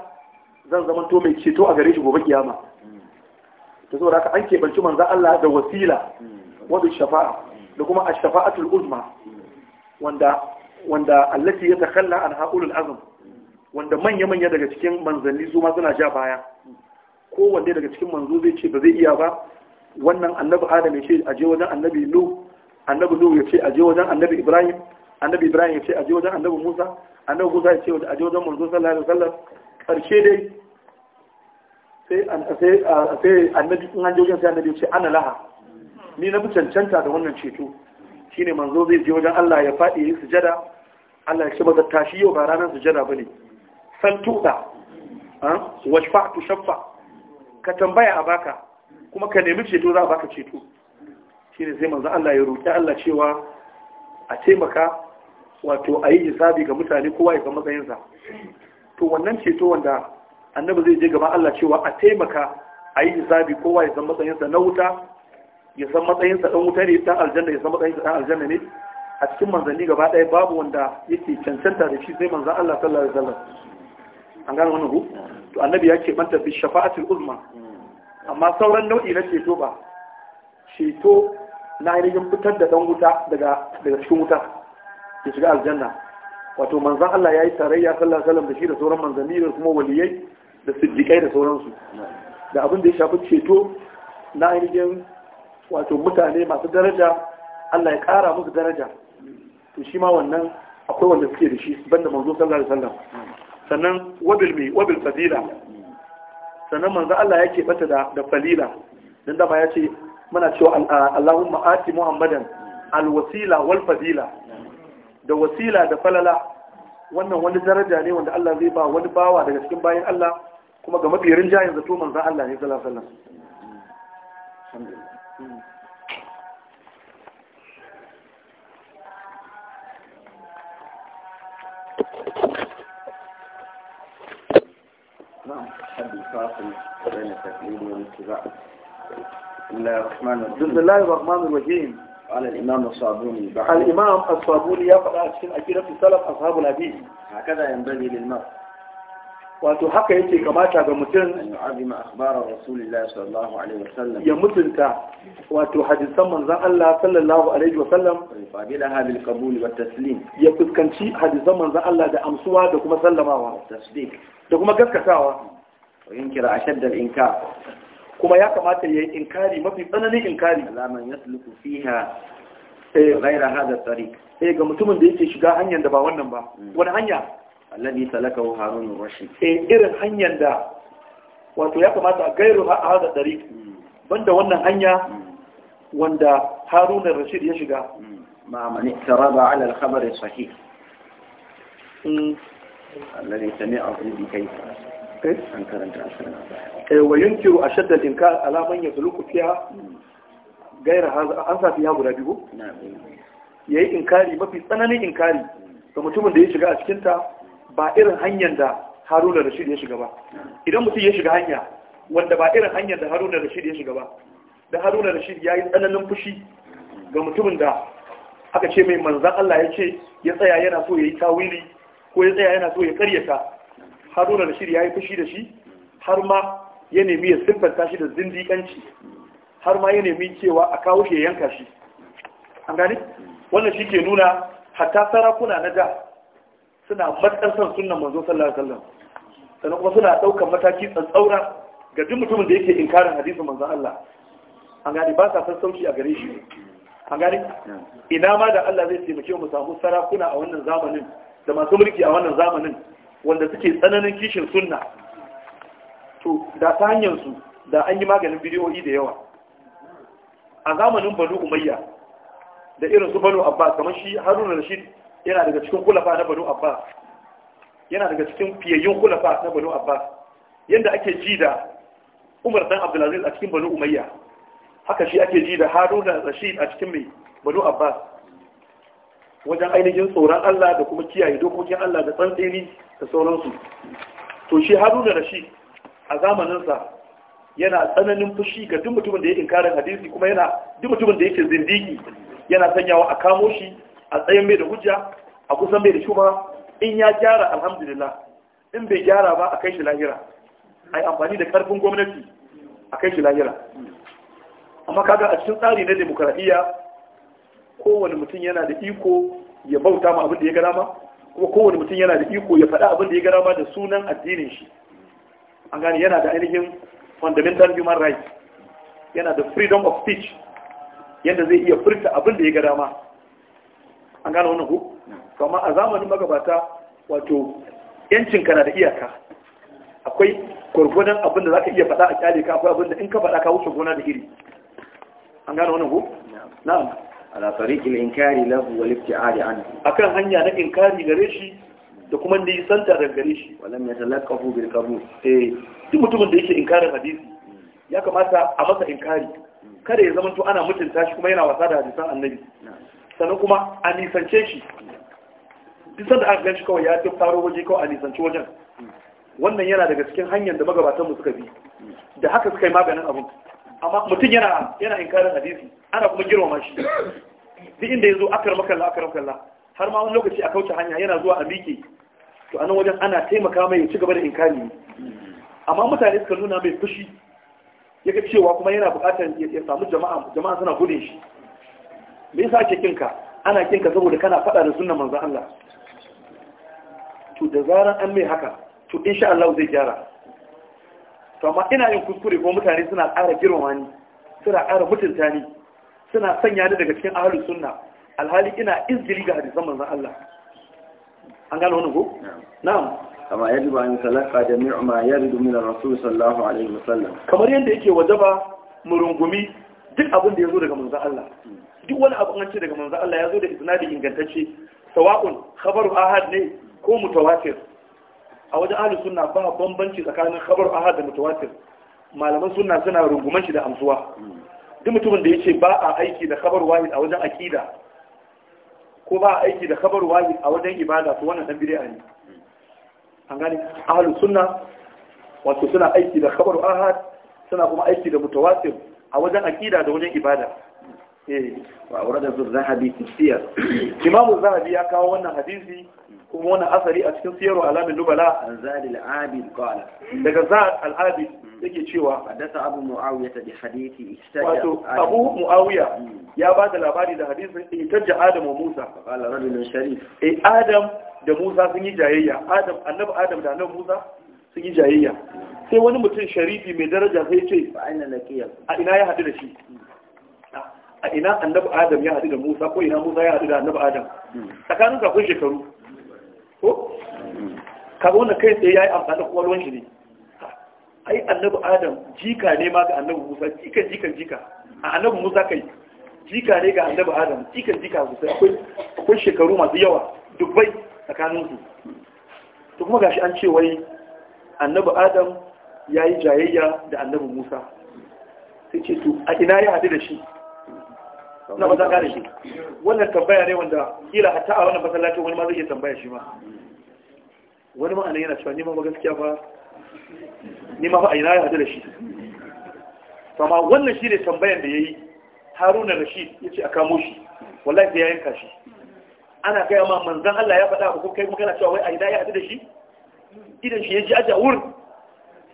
zan zama to mai ceto a gare shi gobe kiyama to saboda haka an kebanci manzo Allah da wasila wa shafa'a da kuma ash-shafa'atul uzma wanda wanda allati yatakhalla an ha'ulul azm wanda manya manya daga cikin manzanni su ma suna ja baya kowanne daga cikin manzo zai ce ba zai iya ba wannan annabi adam ya ce a je wajen annabi nu annabi nu ya ce a je wajen annabi ibrahim annabi ibrahim ya ce a je wajen annabi musa annabi musa ya ce a je wajen manzo sallallahu alaihi wasallam karshe dai sai sai annabi in an je wajen sai annabi ya ce ana laha ni na fi cancanta da wannan ceto shine manzo zai je wajen Allah ya faɗi ya yi sujada Allah ya ce ba tashi yau ba ranar sujada bane san ah, wa shafa tu shafa. ka tambaya a baka kuma ka nemi ceto za a baka ceto shi ne sai manzo Allah ya roƙi Allah cewa a taimaka wato a yi hisabi ga mutane kowa ya ga matsayinsa to wannan ceto wanda annabi zai je gaba Allah cewa a taimaka a yi hisabi kowa ya san matsayinsa na wuta ya san matsayinsa dan wuta ne dan aljanna ya san matsayinsa dan aljanna ne a cikin manzanni gaba ɗaya babu wanda yake cancanta da shi sai manzon Allah sallallahu alaihi wasallam an gane wannan ku to annabi ya keɓanta bi shafa'atul uzma amma sauran nau'i na ceto ba ceto na ainihin fitar da ɗan wuta daga cikin wuta ya shiga aljanna wato manzan Allah ya yi tarayya sallallahu alaihi wasallam da shi da sauran manzanni da kuma waliyai da siddiƙai da sauransu da abin da ya shafi ceto na ainihin wato mutane masu daraja Allah ya ƙara musu daraja to shi ma wannan akwai wanda suke da shi banda manzo sallallahu alaihi wasallam sannan wabil wabil fadila sannan manzo Allah yake bata da da falila dan da ba ya ce muna cewa Allahumma ati Muhammadan alwasila wal fadila da wasila da falala wannan wani daraja ne wanda Allah zai ba wani bawa daga cikin bayan Allah kuma ga mabiyarin jayin zato manzo Allah ne sallallahu alaihi wasallam حد فاصل بين التكليم والاتباع بسم الله الرحمن الرحيم بسم الله الرحمن الرحيم قال الإمام الصابوني بحر. الإمام الصابوني يقرأ أشكال أكيدة في سلف أصحاب الحديث هكذا ينبغي للمرء wato haka yake kamata ga mutum an azima akhbarar rasulullahi sallallahu alaihi wasallam ya mutunta wato hadisan manzon Allah sallallahu alaihi wasallam fadilaha bil qabul wat taslim ya fuskanci hadisan manzon Allah da amsuwa da kuma sallamawa tasdiq da kuma gaskatawa وينكر أشد الإنكار كما يكمات إنكاري ما في ثنني إنكاري لا من يسلك فيها غير هذا الطريق إيه كما تمن ديك شجاع هنيا دبا ونبا ونهنيا الذي سلكه هارون الرشيد إيه إيرن هنيا دا wato ya kamata a gairu hada dari banda wannan hanya wanda haruna rashid ya shiga ma mani taraba ala al-khabar sahih alladhi sami'ahu bi kayfa an karanta asirin eh wa yunkiru a al inkar ala man yasluku fiha gaira an sa fiha guda biyu yayi inkari mafi tsananin inkari ga mutumin da ya shiga a cikin ta ba irin hanyar da Haruna Rashid ya shiga ba idan mutum ya shiga hanya wanda ba irin hanyar da Haruna Rashid ya shiga ba da Haruna Rashid yi tsananin fushi ga mutumin da aka ce mai manzan Allah ya ce ya tsaya yana so ya yi tawili ko ya tsaya yana so ya karyata haruna shiri ya yi fushi da shi har ma ya nemi ya siffanta shi da zindikanci, har ma ya nemi cewa a kawo shi ya yanka shi an gani wannan shi ke nuna hatta sarakuna na da suna matsar son sunan manzo sallallahu alaihi wasallam sannan kuma suna ɗaukar mataki tsantsaura ga duk mutumin da yake inkarin hadisi manzon Allah an gani ba sa san sauki a gare shi an gani ina ma da Allah zai taimake mu samu sarakuna a wannan zamanin da masu mulki a wannan zamanin wanda suke tsananin kishin sunna to da ta hanyar su da an yi maganin bidiyoyi da yawa a zamanin banu umayya da irin su banu abbas kamar shi haruna rashid yana daga cikin kulafa na banu abbas yana daga cikin fiyayyun kulafa na banu abbas yadda ake ji da umar dan abdulaziz a cikin banu umayya haka shi ake ji da haruna rashid a cikin mai banu abbas wajen ainihin tsoron Allah da kuma kiyaye dokokin Allah da tsantseni da sauransu to shi haruna rashid a zamaninsa yana tsananin fushi ga duk mutumin da ya inkarin hadisi kuma yana duk mutumin da yake zindigi yana sanyawa a kamo shi a tsayin mai da hujja a kusan mai da shuma in ya gyara alhamdulillah in bai gyara ba a kai shi lahira ai amfani da karfin gwamnati a kai shi lahira amma kaga a cikin tsari na demokradiyya kowane mutum yana da iko ya bauta ma abin da ya gara ma kuma kowane mutum yana da iko ya faɗa abin da ya gara ma da sunan addinin shi an gane yana da ainihin fundamental human rights yana da freedom of speech yadda zai iya furta abin da ya gara ma an gane wannan ku kama a zamanin magabata wato yancin kana da iyaka akwai gwargwadon abin da za ka iya faɗa a kyale ka akwai abin da in ka faɗa ka wuce gona da iri an gane wannan ku na'am ala tariqil inkari lahu wal ibti'ad anhu akan hanya na inkari gare shi da kuma nisanta da gare shi ya yatalaqahu bil qabul eh duk mutumin da yake inkarin hadisi ya kamata a masa inkari kada ya zama to ana mutunta shi kuma yana wasa da hadisan annabi sannan kuma a nisance shi duk sanda aka gan shi kawai ya taro waje kawai a nisance wajen hmm. wannan yana daga cikin hanyar da magabatanmu suka bi da haka suka yi maganin abin amma mutum yana yana inkarin hadisi ana kuma girmama shi duk inda yazo akar makalla akar makalla har ma wani lokaci a kauce hanya yana zuwa a miƙe to anan wajen ana taimaka mai ya ci gaba da inkari amma mutane suka nuna mai fushi ya ga cewa kuma yana buƙatar ya samu jama'a jama'a suna gudun shi me yasa ake kinka ana kinka saboda kana faɗa da sunnan manzon Allah to da zaran an mai haka to insha Allah zai gyara to amma ina yin kuskure ko mutane suna ƙara girma ni suna ƙara mutunta ni suna sanya ni daga cikin ahlus sunna alhali ina izgiri ga hadisan manzon Allah an gano wannan ko na'am kama yajibu an talaqa jami'u ma yaridu min ar-rasul sallallahu alaihi wasallam kamar yanda yake wajaba murungumi duk abin da yazo daga manzon Allah duk wani abu an ce daga manzon Allah yazo da isnadi ingantacce sawa'un khabaru ahad ne ko mutawatir a wajen ahli sunna ba bambanci tsakanin khabar ahad da mutawatir malaman sunna suna runguman shi da amsuwa duk mutumin da yace ba a aiki da khabar wahid a wajen akida ko ba a aiki da khabar wahid a wajen ibada to wannan dan bid'a ne an gane ahli sunna wato suna aiki da khabar ahad suna kuma aiki da mutawatir a wajen akida da wajen ibada eh wa aurada zahabi fi siyar imamu zahabi ya kawo wannan hadisi kuma wani asali a cikin siyarwa alamin nubala an zali al-abid qala daga za al-abid hmm. yake cewa hadasa abu muawiya ta bi hadithi wato abu muawiya hmm. ya ba da labari da hadisin itajja adam wa musa qala rajulun sharif eh adam da musa sun yi jayayya adam annabi adam da annabi musa sun yi jayayya hmm. sai wani mutum sharifi mai daraja sai ce a ina ya hadu da shi a ina annabi adam ya hadu da musa ko ina musa ya hadu da annabi adam tsakanin kafin shekaru ko kaga wanda kai tsaye yi amfani da kwalwan shi ne ai annabi adam jika ne ma ga annabi musa jika jika jika a annabi musa kai jika ne ga annabi adam jika jika musa akwai akwai shekaru masu yawa dubbai tsakanin su to kuma gashi an ce wai annabi adam yayi jayayya da annabi musa sai ce to a ina ya hadu da shi na ba za ka shi wannan tambaya ne wanda kila hatta a wannan masallacin wani ma zai iya tambaya shi ma wani ma'ana yana cewa nima ba gaskiya ba nima ba a ina ya hadu da shi amma wannan shi ne tambayan da ya yi haruna rashid ya ce a kamo shi wallahi sai ya yanka shi ana kai ma manzan allah ya faɗa ko kai magana cewa wai a ina ya hadu da shi idan shi ya ji aja wurin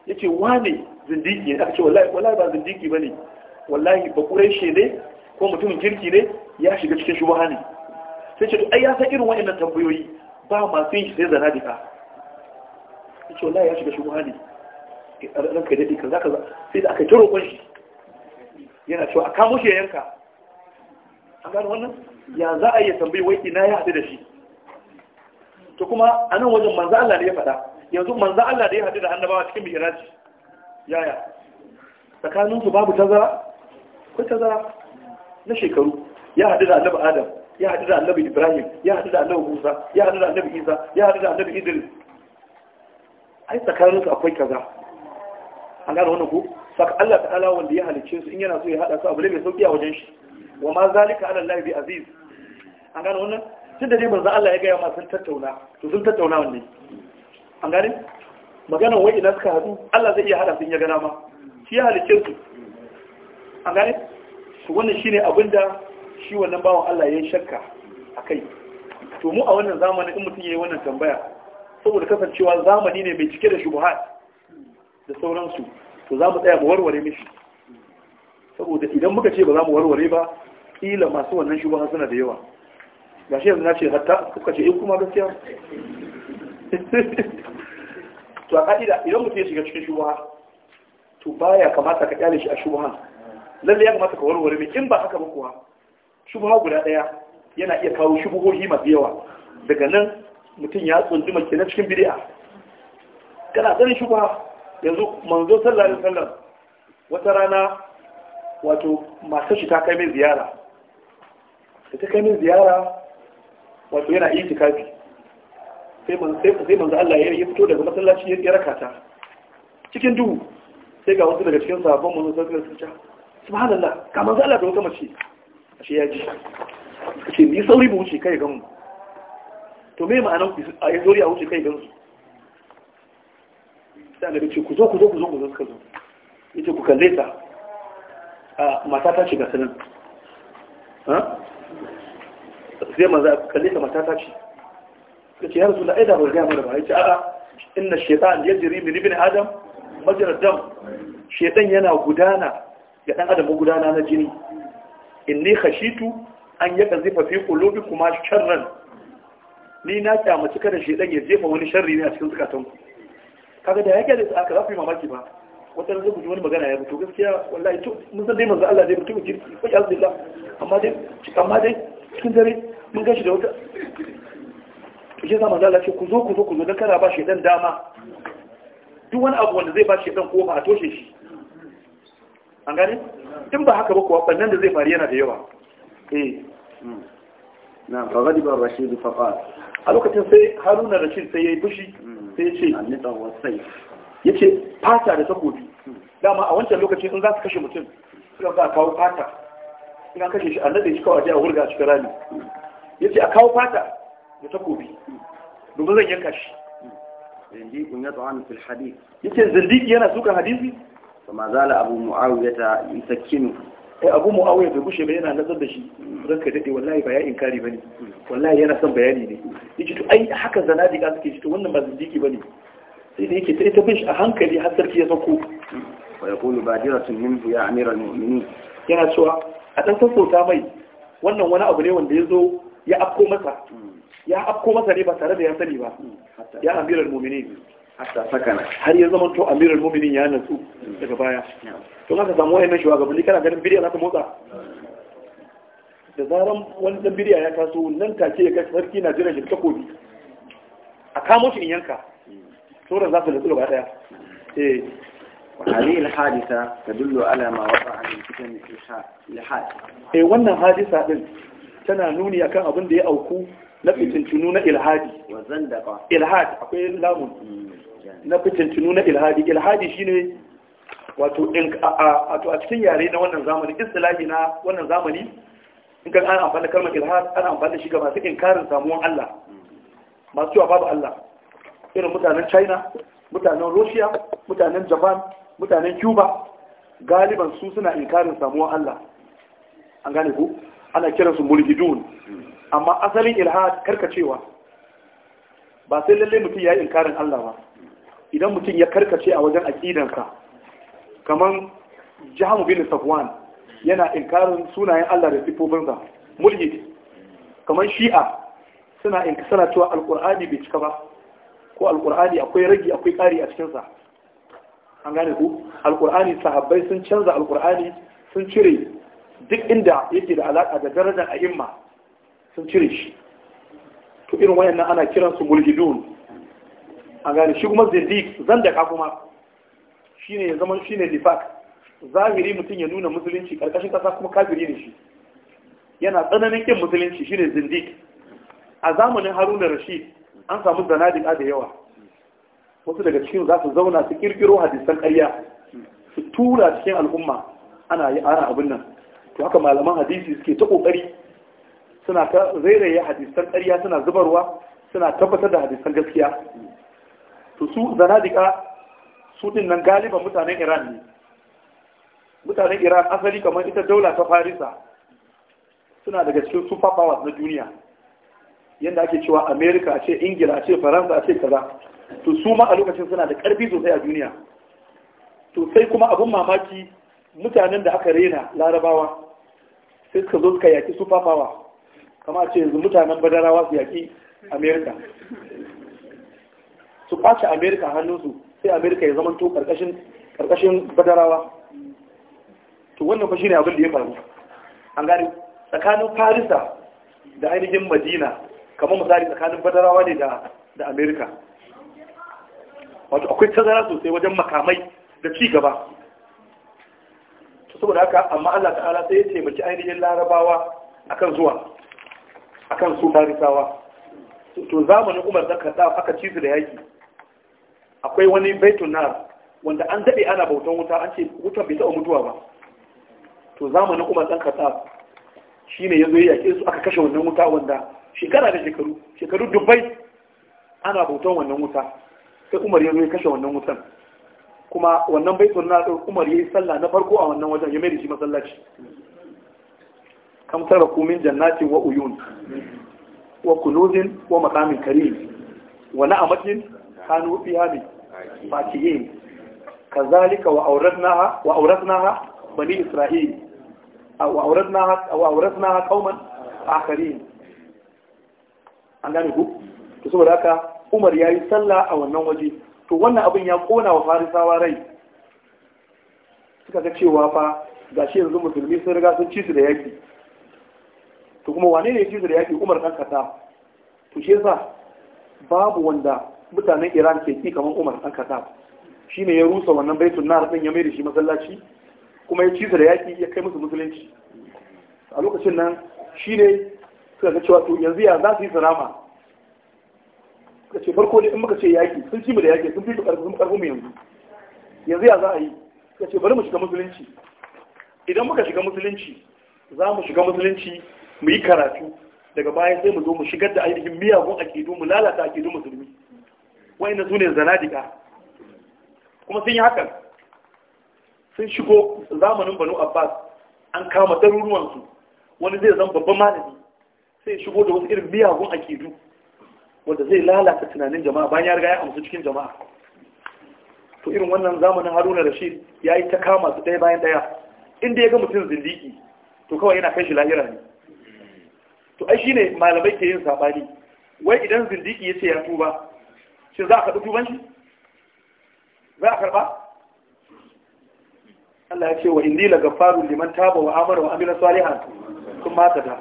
ya ce wane zindiki ne aka ce wallahi ba zindiki ba ne wallahi ba kurai kureshe ne ko mutumin kirki ne ya shiga cikin shubaha ne sai ce ai ya san irin wayannan tambayoyi ba masu yin sai zana dika ce wallahi ya shiga shubaha ne ran kai dadi kaza kaza sai da aka taro kun shi yana cewa a kamo shi ya yanka an gano wannan ya za a yi tambayi wai ina ya haɗu da shi to kuma a nan wajen manzo Allah ne ya faɗa yanzu manzo Allah da ya haɗu da annabawa cikin bihiraji? yaya tsakaninsu babu tazara ko tazara na shekaru ya haɗu da annabi adam ya haɗu da annabi ibrahim ya haɗu da annabi musa ya haɗu da annabi isa ya haɗu da annabi idris ai tsakaninsu akwai kaza an gane wannan ko saka Allah ta'ala wanda ya halicce su in yana so ya haɗa su abu ne mai sauƙi a wajen shi wa ma zalika ala Allah bi aziz an gane wannan tun da dai manzo Allah ya gaya ma sun tattauna to sun tattauna wanne an gane magana wai ina suka haɗu Allah zai iya haɗa su in ya gana ma shi ya halicce su an gane to wannan shine abinda shi wannan bawan Allah ya yi shakka akai to mu a wannan zamanin in mutum yayi wannan tambaya saboda kasancewa zamani ne mai cike da shubuhat da sauransu to za mu tsaya mu warware mishi saboda idan muka ce ba za mu warware ba kila masu wannan shubuhat suna da yawa shi yanzu na ce hatta kuka ce in eh, kuma gaskiya <laughs> to a ka'ida idan mutum ya shiga cikin shubuhat to baya kamata ka kyale shi a shubuhat lalle ya kamata ka warware mai in ba haka ba kuwa shubha guda daya yana iya kawo shubuhohi masu yawa daga nan mutum ya tsunji mace na cikin bid'a kana ganin shubha yanzu manzo sallallahu sallar wata rana wato masu shi ta kai mai ziyara da ta kai min ziyara wato yana iya tikafi sai manzo Allah ya fito daga masallaci ya raka ta cikin duhu sai ga wasu daga cikin sabon manzo sai sallar subhanallah ga manzo Allah da wata mace ashe ya ji ce ni sauri mu wuce kai mu. to me ma'anar ku a yanzu ya wuce kai gamu sai annabi ce ku zo ku zo ku zo ku zo suka zo yace ku kalle ta a mata ta ce ga sanin ha sai manzo kalle ta mata ta ce kace ya rasu na aida ba ga mana ba yace a'a inna shaytan yajri min ibn adam majra dam shaytan yana gudana Ga ɗan adam gudana na jini inni khashitu an yaka zifa fi qulubi kuma sharran ni na kyamaci kada shedan ya jefa wani sharri ne a cikin ku kaga da yake da aka rafi mamaki ba wata da zuku wani magana ya fito gaskiya wallahi to mun san dai manzo Allah dai mutum kirki ko ya zilla amma dai amma dai cikin dare mun gashi da wata to shi zama Allah ce ku zo ku zo ku zo da kana ba shedan dama duk wani abu wanda zai ba shedan ko ba a toshe shi an gane in ba haka ba kuwa bannan da zai faru yana da yawa eh hmm. na fa gadiba rashid da qala a lokacin sai haruna rashid sai ya yi fushi hmm. sai ya ce a wa sai ya ce fata da takobi hmm. dama a wancan lokacin in za su kashe mutum suka ga kawo fata in an kashe shi a nade shi kawai a hurga a cikin rami ya ce a kawo fata da takobi domin zan yanka shi zindiki ya tsawan fil yana suka hadisi kama zala abu mu'awiyya ta yusakkinu Ai eh, abu mu'awiyya bai kushe ba yana nazar da shi ranka dade wallahi ba ya inkari bane wallahi yana son bayani ne yace to ai haka zanadika suke to wannan ba zindiki bane sai da yake sai ta bin a hankali har sarki ya sauko wa yaqulu badiratun minhu ya amiral mu'minin yana cewa a dan sassauta mai wannan wani abu ne wanda ya zo ya afko masa ya afko masa ne ba tare da ya sani ba hmm. ya amiral mu'minin hatta sakana har ya zama to amirul mu'minin ya natsu daga baya to haka samu wayannan shugabanni kana ganin bidiya zaka motsa da zaran wani dan bidiya ya taso nan take ya kashe sarki Najeriya shi takobi a kamo shi in yanka sauran za su nutsu gaba daya eh وهذه الحادثة تدل على ما وقع من فتن eh wannan hadisa din tana nuni akan abin da ya auku na fitin tunu na ilhadi ilhadi akwai lamun hmm. na fitintinu na ilhadi ilhadi shine wato a cikin yare na wannan zamani istilahi na wannan zamani in kan ana amfani da kalmar ilhad ana amfani da shi ga masu inkarin samuwan Allah masu cewa babu Allah irin mutanen China mutanen Russia mutanen Japan mutanen Cuba galiban su suna inkarin samuwan Allah an gane ku ana kiransu mulhidun amma asalin ilhad karkacewa ba sai lalle mutum ya yi inkarin Allah ba idan mutum ya karkace a wajen aqidansa kamar jihamu bin safwan yana inkarin sunayen Allah da sifofinsa mulhid kamar shi'a suna in cewa alkur'ani bai cika ba ko alkur'ani akwai ragi akwai ƙari a cikinsa. an gane ku alkur'ani sahabbai sun canza alkur'ani sun cire duk inda yake da alaka da darajar a'imma sun cire shi to irin wayannan ana kiransu mulhidun a gane shi kuma zindik zandaka kuma shine ya zama shine difak zahiri mutum ya nuna musulunci karkashin kasa kuma kafiri ne shi yana tsananin kin musulunci shi ne zindik a zamanin haruna rashid an samu zanadika da yawa wasu daga cikin za su zauna su kirkiro hadisan karya su tura cikin al'umma ana yi ana abin nan to haka malaman hadisi suke ta kokari suna ta rairaye hadisan ƙarya suna zubarwa suna tabbatar da hadisan gaskiya to su zanadika su din nan galiban mutanen iran ne mutanen iran asali kamar ita daula ta farisa suna daga cikin super powers na duniya yadda ake cewa america ce ingila a ce faransa ce kaza to su ma a lokacin suna da karfi sosai a duniya to sai kuma abin mamaki mutanen da aka rena larabawa sai suka zo suka yaki super power kama ce yanzu mutanen badarawa su yaki Amerika. su kwace amerika hannunsu sai amerika ya zamanto karkashin badarawa to wannan fa ne abin da ya faru an gane tsakanin farisa da ainihin madina kamar misali tsakanin badarawa ne da amerika wato akwai tazara sosai wajen makamai da ci gaba saboda haka amma allah ta'ala sai ya taimaki ainihin larabawa akan zuwa akan su farisawa to zamanin umar da aka ci su da yaki akwai wani baitul nar wanda an daɗe ana bautan wuta an ce wutan bai taɓa mutuwa ba to zamanin kuma ɗan kasa shi ne ya zo yaƙe su aka kashe wannan wuta wanda shekara da shekaru shekaru dubbai ana bautan wannan wuta sai umar ya zo ya kashe wannan wutan kuma wannan baitul nar umar ya yi sallah na farko a wannan wajen ya mai da shi masallaci kam tara kumin jannatin wa uyun wa kunuzin wa maqamin karim wa na'amatin kanu fiha min fakiyin kazalika wa auratnaha wa auratnaha bani isra'il wa auratnaha wa auratnaha qauman akharin an gane ku to saboda haka Umar yi sallah a wannan waje to wannan abin ya kona wa farisawa rai suka ga cewa fa gashi yanzu musulmi sun riga sun ci su da yaki to kuma wane ne ya ci su da yaki Umar kan kata to shi yasa babu wanda mutanen iran ke ki kamar umar dan kaza shi ne ya rusa wannan bai na din ya mai da shi masallaci kuma ya cisa da yaƙi ya kai musu musulunci a lokacin nan shi ne suka ga cewa to yanzu ya za su yi salama suka ce farko ne in muka ce yaƙi sun ci mu da yaƙi sun fi sun karfi mu yanzu yanzu ya za a yi suka ce bari mu shiga musulunci idan muka shiga musulunci za mu shiga musulunci mu yi karatu daga bayan sai mu zo mu shigar da ainihin miyagun akidu mu lalata akidu musulmi wa'inda su ne zanadika kuma sun yi hakan sun shigo zamanin banu abbas an kama ɗaruruwansu wani zai zan babban malami sai shigo da wasu irin miyagun akidu wanda zai lalata tunanin jama'a bayan ya riga ya amsu cikin jama'a to irin wannan zamanin haruna rashid ya yi ta kama su ɗaya bayan ɗaya inda ya ga mutum zindiki to kawai yana kai shi lahira ne to ai shine malamai ke yin saɓani wai idan zindiki ya ce ya tuba shi za a karɓi tuban shi za a karɓa Allah ya ce wa indi la gaffarun liman taba wa amara wa amila salihan sun mata da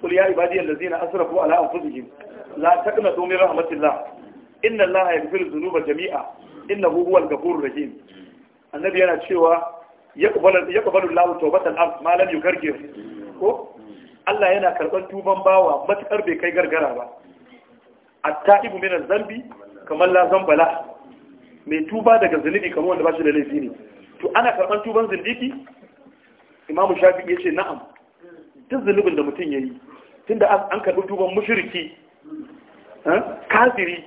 kul ya ibadi allazina asrafu ala anfusihim la taqnatu min rahmatillah inna allaha yaghfiru dhunuba jami'a innahu huwal ghafurur rahim annabi yana cewa yaqbalu yaqbalu Allahu tawbatal abd ma lam yukargir ko Allah yana karban tuban bawa matakar bai kai gargara ba at-ta'ibu min az-zambi kamar lazan bala mai tuba daga zunubi kamar wanda ba shi da laifi ne to ana karɓar tuban zulubi imamu shafi ya ce na'am duk zunubin da mutum ya yi tunda an karɓi tuban mushriki eh, kafiri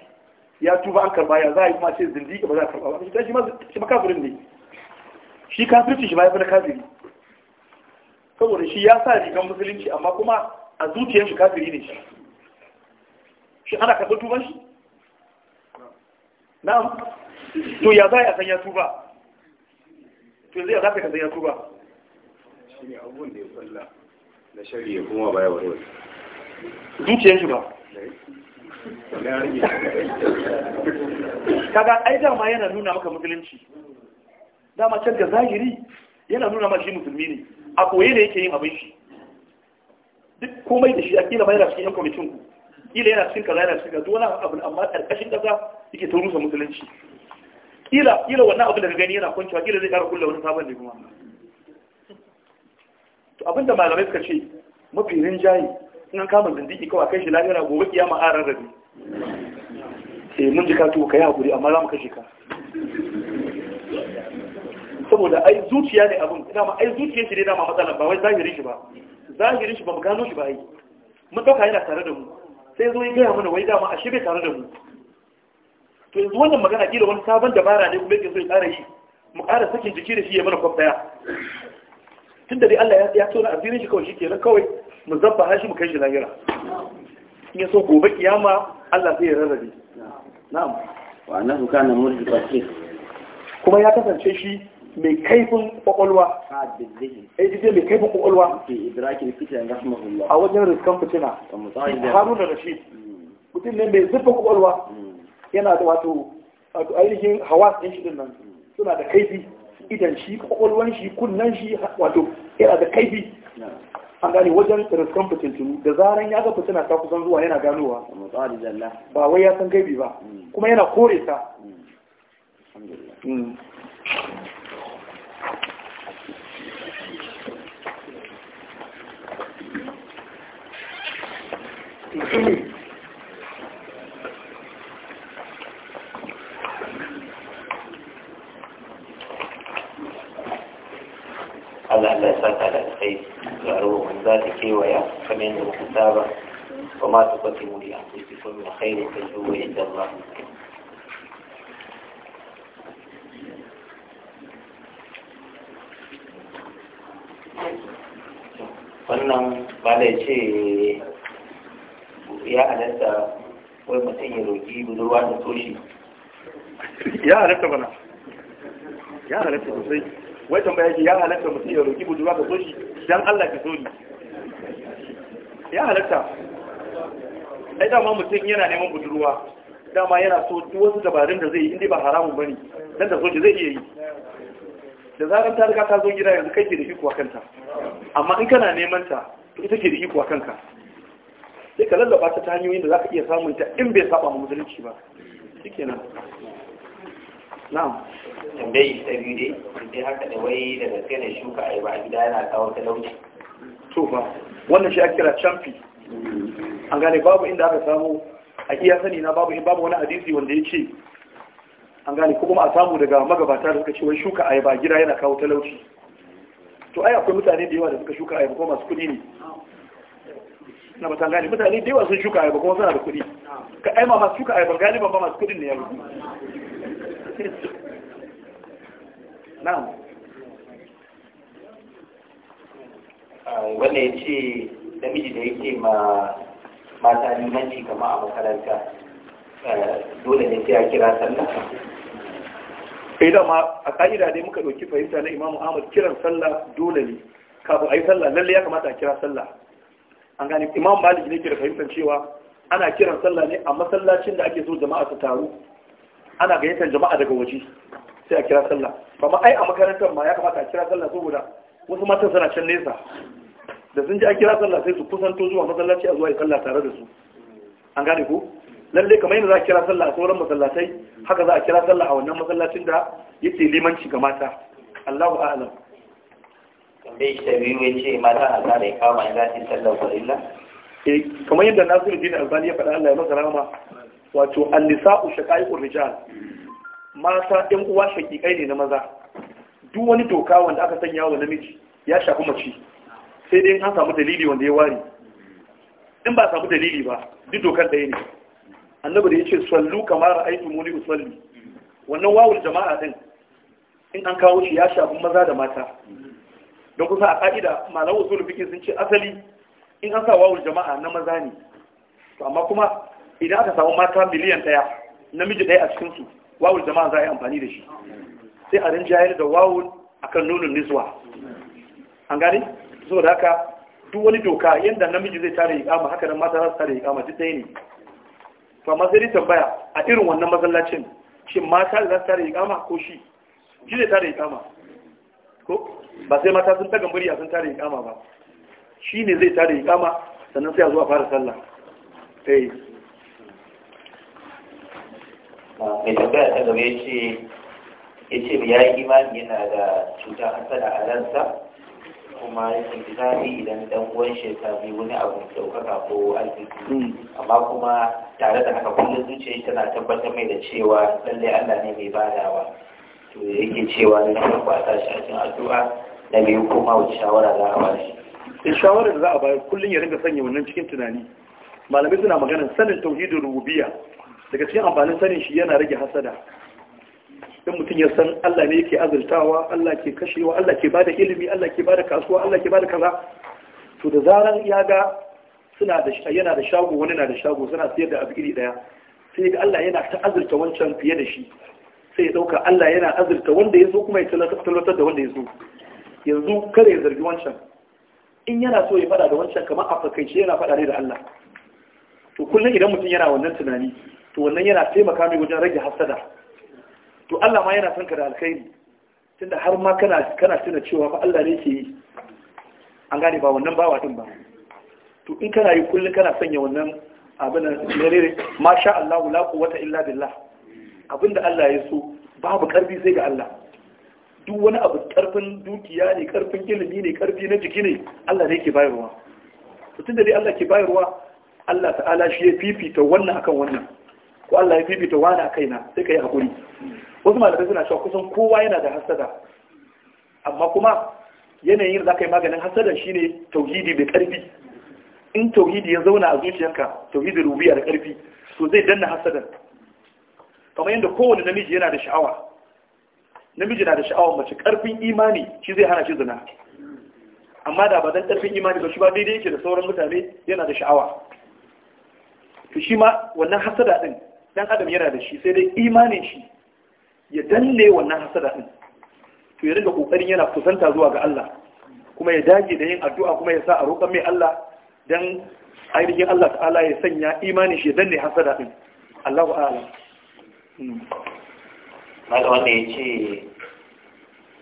ya tuba an karɓa ya za a yi kuma ce zulubi ba za a karɓa ba shi ne shi kafirin ne shi kafirci shi ma ya fi na kafiri saboda shi ya sa rigar musulunci amma kuma a zuciyar shi kafiri ne shi shi ana karɓar tuban shi na'am to ya za a sanya ya tuba to zai za ka sanya ya tuba shine abubuwan da ya tsalla na shari kuma baya wani wani zuciyar shi ba kaga ai dama yana nuna maka musulunci dama can ga zahiri yana nuna maka shi musulmi ne a koye ne yake yin abin shi duk komai da shi a kila ma yana cikin yan kwamitin ku kila yana cikin kaza yana cikin kaza dole abu amma ƙarƙashin kaza yake ta rusa musulunci kila kila wannan abin da ka gani yana kwanciwa, kila zai ƙara kulla wani sabon da kuma to abin da malamai suka ce mafi rinjaye in an kama zindiki kawai kai shi lahira gobe kiyama a ran rabi eh mun ji ka to kai hakuri amma za mu kashe ka saboda ai zuciya ne abin dama ai zuciyar shi ne dama matsalar, ba wai zahirin shi ba zahirin shi ba mu gano shi ba ai mun dauka yana tare da mu sai zo ya gaya mana wai dama ashe bai tare da mu to yanzu wannan magana kila wani sabon dabara ne kuma yake so ya tsara shi mu ƙara sakin jiki da shi ya mana kwaf daya tun da dai Allah ya tona asirin shi kawai shi nan kawai mu zabba hashi mu kai shi lahira in ya so gobe kiyama Allah zai rarrabe na'am wa annahu kana murjifa kuma ya kasance shi mai kaifin kwakwalwa a eh, jije mai kaifin kwakwalwa a wajen riskan fitina haruna rashid hmm. mutum ne mai zurfin kwakwalwa hmm. yana da wato ainihin hawa ɗin shi nan suna da kaifi idan shi kwakwalwan shi kunnan shi wato yana da kaifi an gane wajen riskan fitintunu da zaran ya ga fitina ta kusan zuwa yana ganowa ba wai ya san kaifi ba hmm. kuma yana kore ta hmm. hmm. Thank <clears throat> you. tsaro من ذلك ويا فمن الكتاب وما تقدموا wa masu kwatin wuri a kusurkun mai wannan ba da ce ya halatta wai mutum ya roƙi budurwa da toshi ya halatta bana ya halatta sosai wai tambaya ya halatta mutum ya roƙi budurwa da toshi dan Allah ki so ni ya halatta ai dama mutum yana neman budurwa dama yana so duk wasu dabarun da zai yi inda ba haramun bane dan da soji zai iya yi da zaran ta riga ta zo gida yanzu kai ke da iko kanta amma in kana neman ta to ita ke da iko kanka sai ka lallaba ta hanyoyin da zaka iya samun ta in bai saba mu musulunci ba shikenan na'am tambayi ta biyu dai sai haka da wai da gaske ne shuka ai ba gida yana kawo talauci to ba wannan shi ake kira champi an gane babu inda aka samu a iya sani na babu in babu wani hadisi wanda ya ce an gane ko kuma a samu daga magabata da suka ce wai shuka ai ba gida yana kawo talauci to ai akwai mutane da yawa da suka shuka ba kuma masu kuɗi ne na ba gane mutane da yawa sun shuka ba kuma suna da kuɗi ka ai ma masu shuka ba gani ba masu kuɗin ne ya rubu <laughs> na'am ah, wanda ya ce namiji da yake ma mata limanci kama a makaranta eh, dole ne sai ya kira sallah idan eh, ma a ka'ida dai muka ɗauki fahimta na Imam ahmad kiran sallah dole ne kafin a yi sallah lalle ya kamata a kira sallah an gani imam malik ne ke da fahimtar cewa ana kiran sallah ne a masallacin da ake so jama'a su taru ana gayyatar jama'a daga waje sai a kira sallah amma ai a makarantar ma ya kamata a kira sallah saboda wasu matan suna can nesa da sun ji a kira sallah sai su kusanto zuwa masallaci a zuwa yi sallah tare da su an gane ko lalle kamar yadda za a kira sallah a sauran masallatai haka za a kira sallah a wannan masallacin da yake limanci ga mata Allahu a'lam tambayi ta biyu ya ce mata a da kama ya za su sallar farilla eh kamar yadda Nasiruddin Albani ya faɗa Allah ya masa rama wato annisa'u shaqaiqur rijal mata ɗan uwa shaƙiƙai ne na maza duk wani doka wanda aka sanya wa namiji ya shafi mace sai dai an samu dalili wanda ya ware in ba samu dalili ba duk dokar ɗaya ne annabi da yace sallu kamar muni usalli wannan wawul jama'a din in an kawo shi ya shafi maza da mata don kusa a ka'ida malamu usul sun ce asali in an sa wawul jama'a na maza ne to amma kuma idan aka samu mata miliyan ɗaya namiji ɗaya a cikinsu wawul jama'a za a yi amfani da shi sai a jayar da wawul kan nunin niswa an so saboda haka duk wani doka yadda namiji zai tare kama, haka da mata za su tare ikama kama ɗaya ne to amma sai tambaya a irin wannan masallacin shin mata za su tare kama ko shi shi zai tare kama ko ba sai mata sun taga murya sun tare kama ba shi ne zai tare kama sannan sai a zuwa fara sallah eh mai tambaya ta gaba yace yace ya yi imani yana da cutar hasada a ransa kuma ya yake zafi idan dan uwan shi ta bi wani abu daukaka ko arziki hmm. amma kuma tare da haka kullum zuciyar tana tabbatar mai da cewa lallai Allah ne mai badawa to yake cewa na farko a tashi a cikin addu'a na biyu kuma wace shawara za a bashi? shi eh, shawarar da za a bayar kullum ya ringa sanya wannan cikin tunani malamai suna maganar sanin tauhidin rubiya. daga cikin amfanin sanin shi yana rage hasada in mutum ya san Allah ne yake azurtawa Allah ke kashewa Allah ke bada ilimi Allah ke bada kasuwa Allah ke bada kaza to da zaran ya ga suna da yana da shago wani na da shago suna sayar da abu iri daya sai ga Allah yana ta azurta wancan fiye da shi sai ya dauka Allah yana azurta wanda ya zo kuma ya talatar da wanda ya zo yanzu kare ya zargi wancan in yana so ya fada da wancan kamar a fakaice yana fada ne da Allah to kullum idan mutum yana wannan tunani to wannan yana taimaka mai wajen rage hasada to Allah ma yana son ka da alkhairi tunda har ma kana kana tuna cewa fa Allah ne ke yi an gane ba wannan bawa din ba to in kana yi kullun kana sanya wannan abin menene masha Allah la quwwata illa billah abinda Allah ya so babu karfi sai ga Allah duk wani abu karfin dukiya ne karfin ilimi ne karfi na jiki ne Allah ne ke bayarwa to tunda dai Allah ke bayarwa Allah ta'ala shi ya fifita wannan akan wannan ko Allah ya fifita wani a kaina sai ka yi haƙuri wasu malamai suna cewa kusan kowa yana da hasada amma kuma yanayin za ka yi maganin hasadan shine tauhidi da ƙarfi in tauhidi ya zauna a zuciyarka tauhidin rubiya da ƙarfi to zai danna hasadan kamar yadda kowane namiji yana da sha'awa namiji na da sha'awa mace ƙarfin imani shi zai hana shi zina amma da ba dan ƙarfin imani ba shi ba daidai yake da sauran mutane yana da sha'awa to shi ma wannan hasada din dan adam yana da shi sai dai imanin shi ya danne wannan hasada din to ya rinka kokarin yana kusanta zuwa ga Allah kuma ya dage da yin addu'a kuma ya sa a roƙon mai Allah dan ainihin Allah ta'ala ya sanya imanin shi ya danne hasada din Allahu a'lam ga hmm. wanda ya ce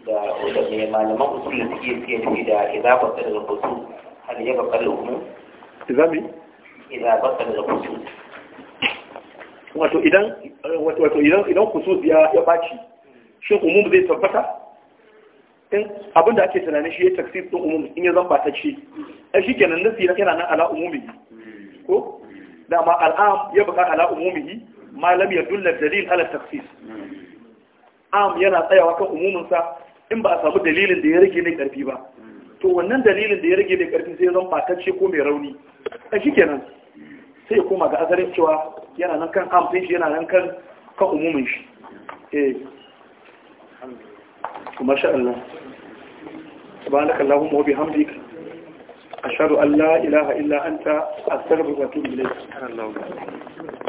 da wadanne malaman usul da suke suke nufi da idan ba da rubutu hal ya ba kallon mu? Iza me? Iza ba da rubutu wato idan kusur idan ya ya baci shi umum zai tabbata in abinda ake tunanin shi ya taksir ɗin umum in ya zamba ta ce ai shikenan nasi yana nan ala umumi ko da ma al'am ya buka ala umumihi ma lam dullar dalil ala takhsis am yana tsayawa kan umuminsa in ba a samu dalilin da ya rage mai karfi ba to wannan dalilin da ya rage mai karfi sai ya ta ce ko mai rauni a shikenan sai ya koma ga asalin cewa yana nan kan amfin shi yana nan kan umumin shi eh. kuma ilaha illa anta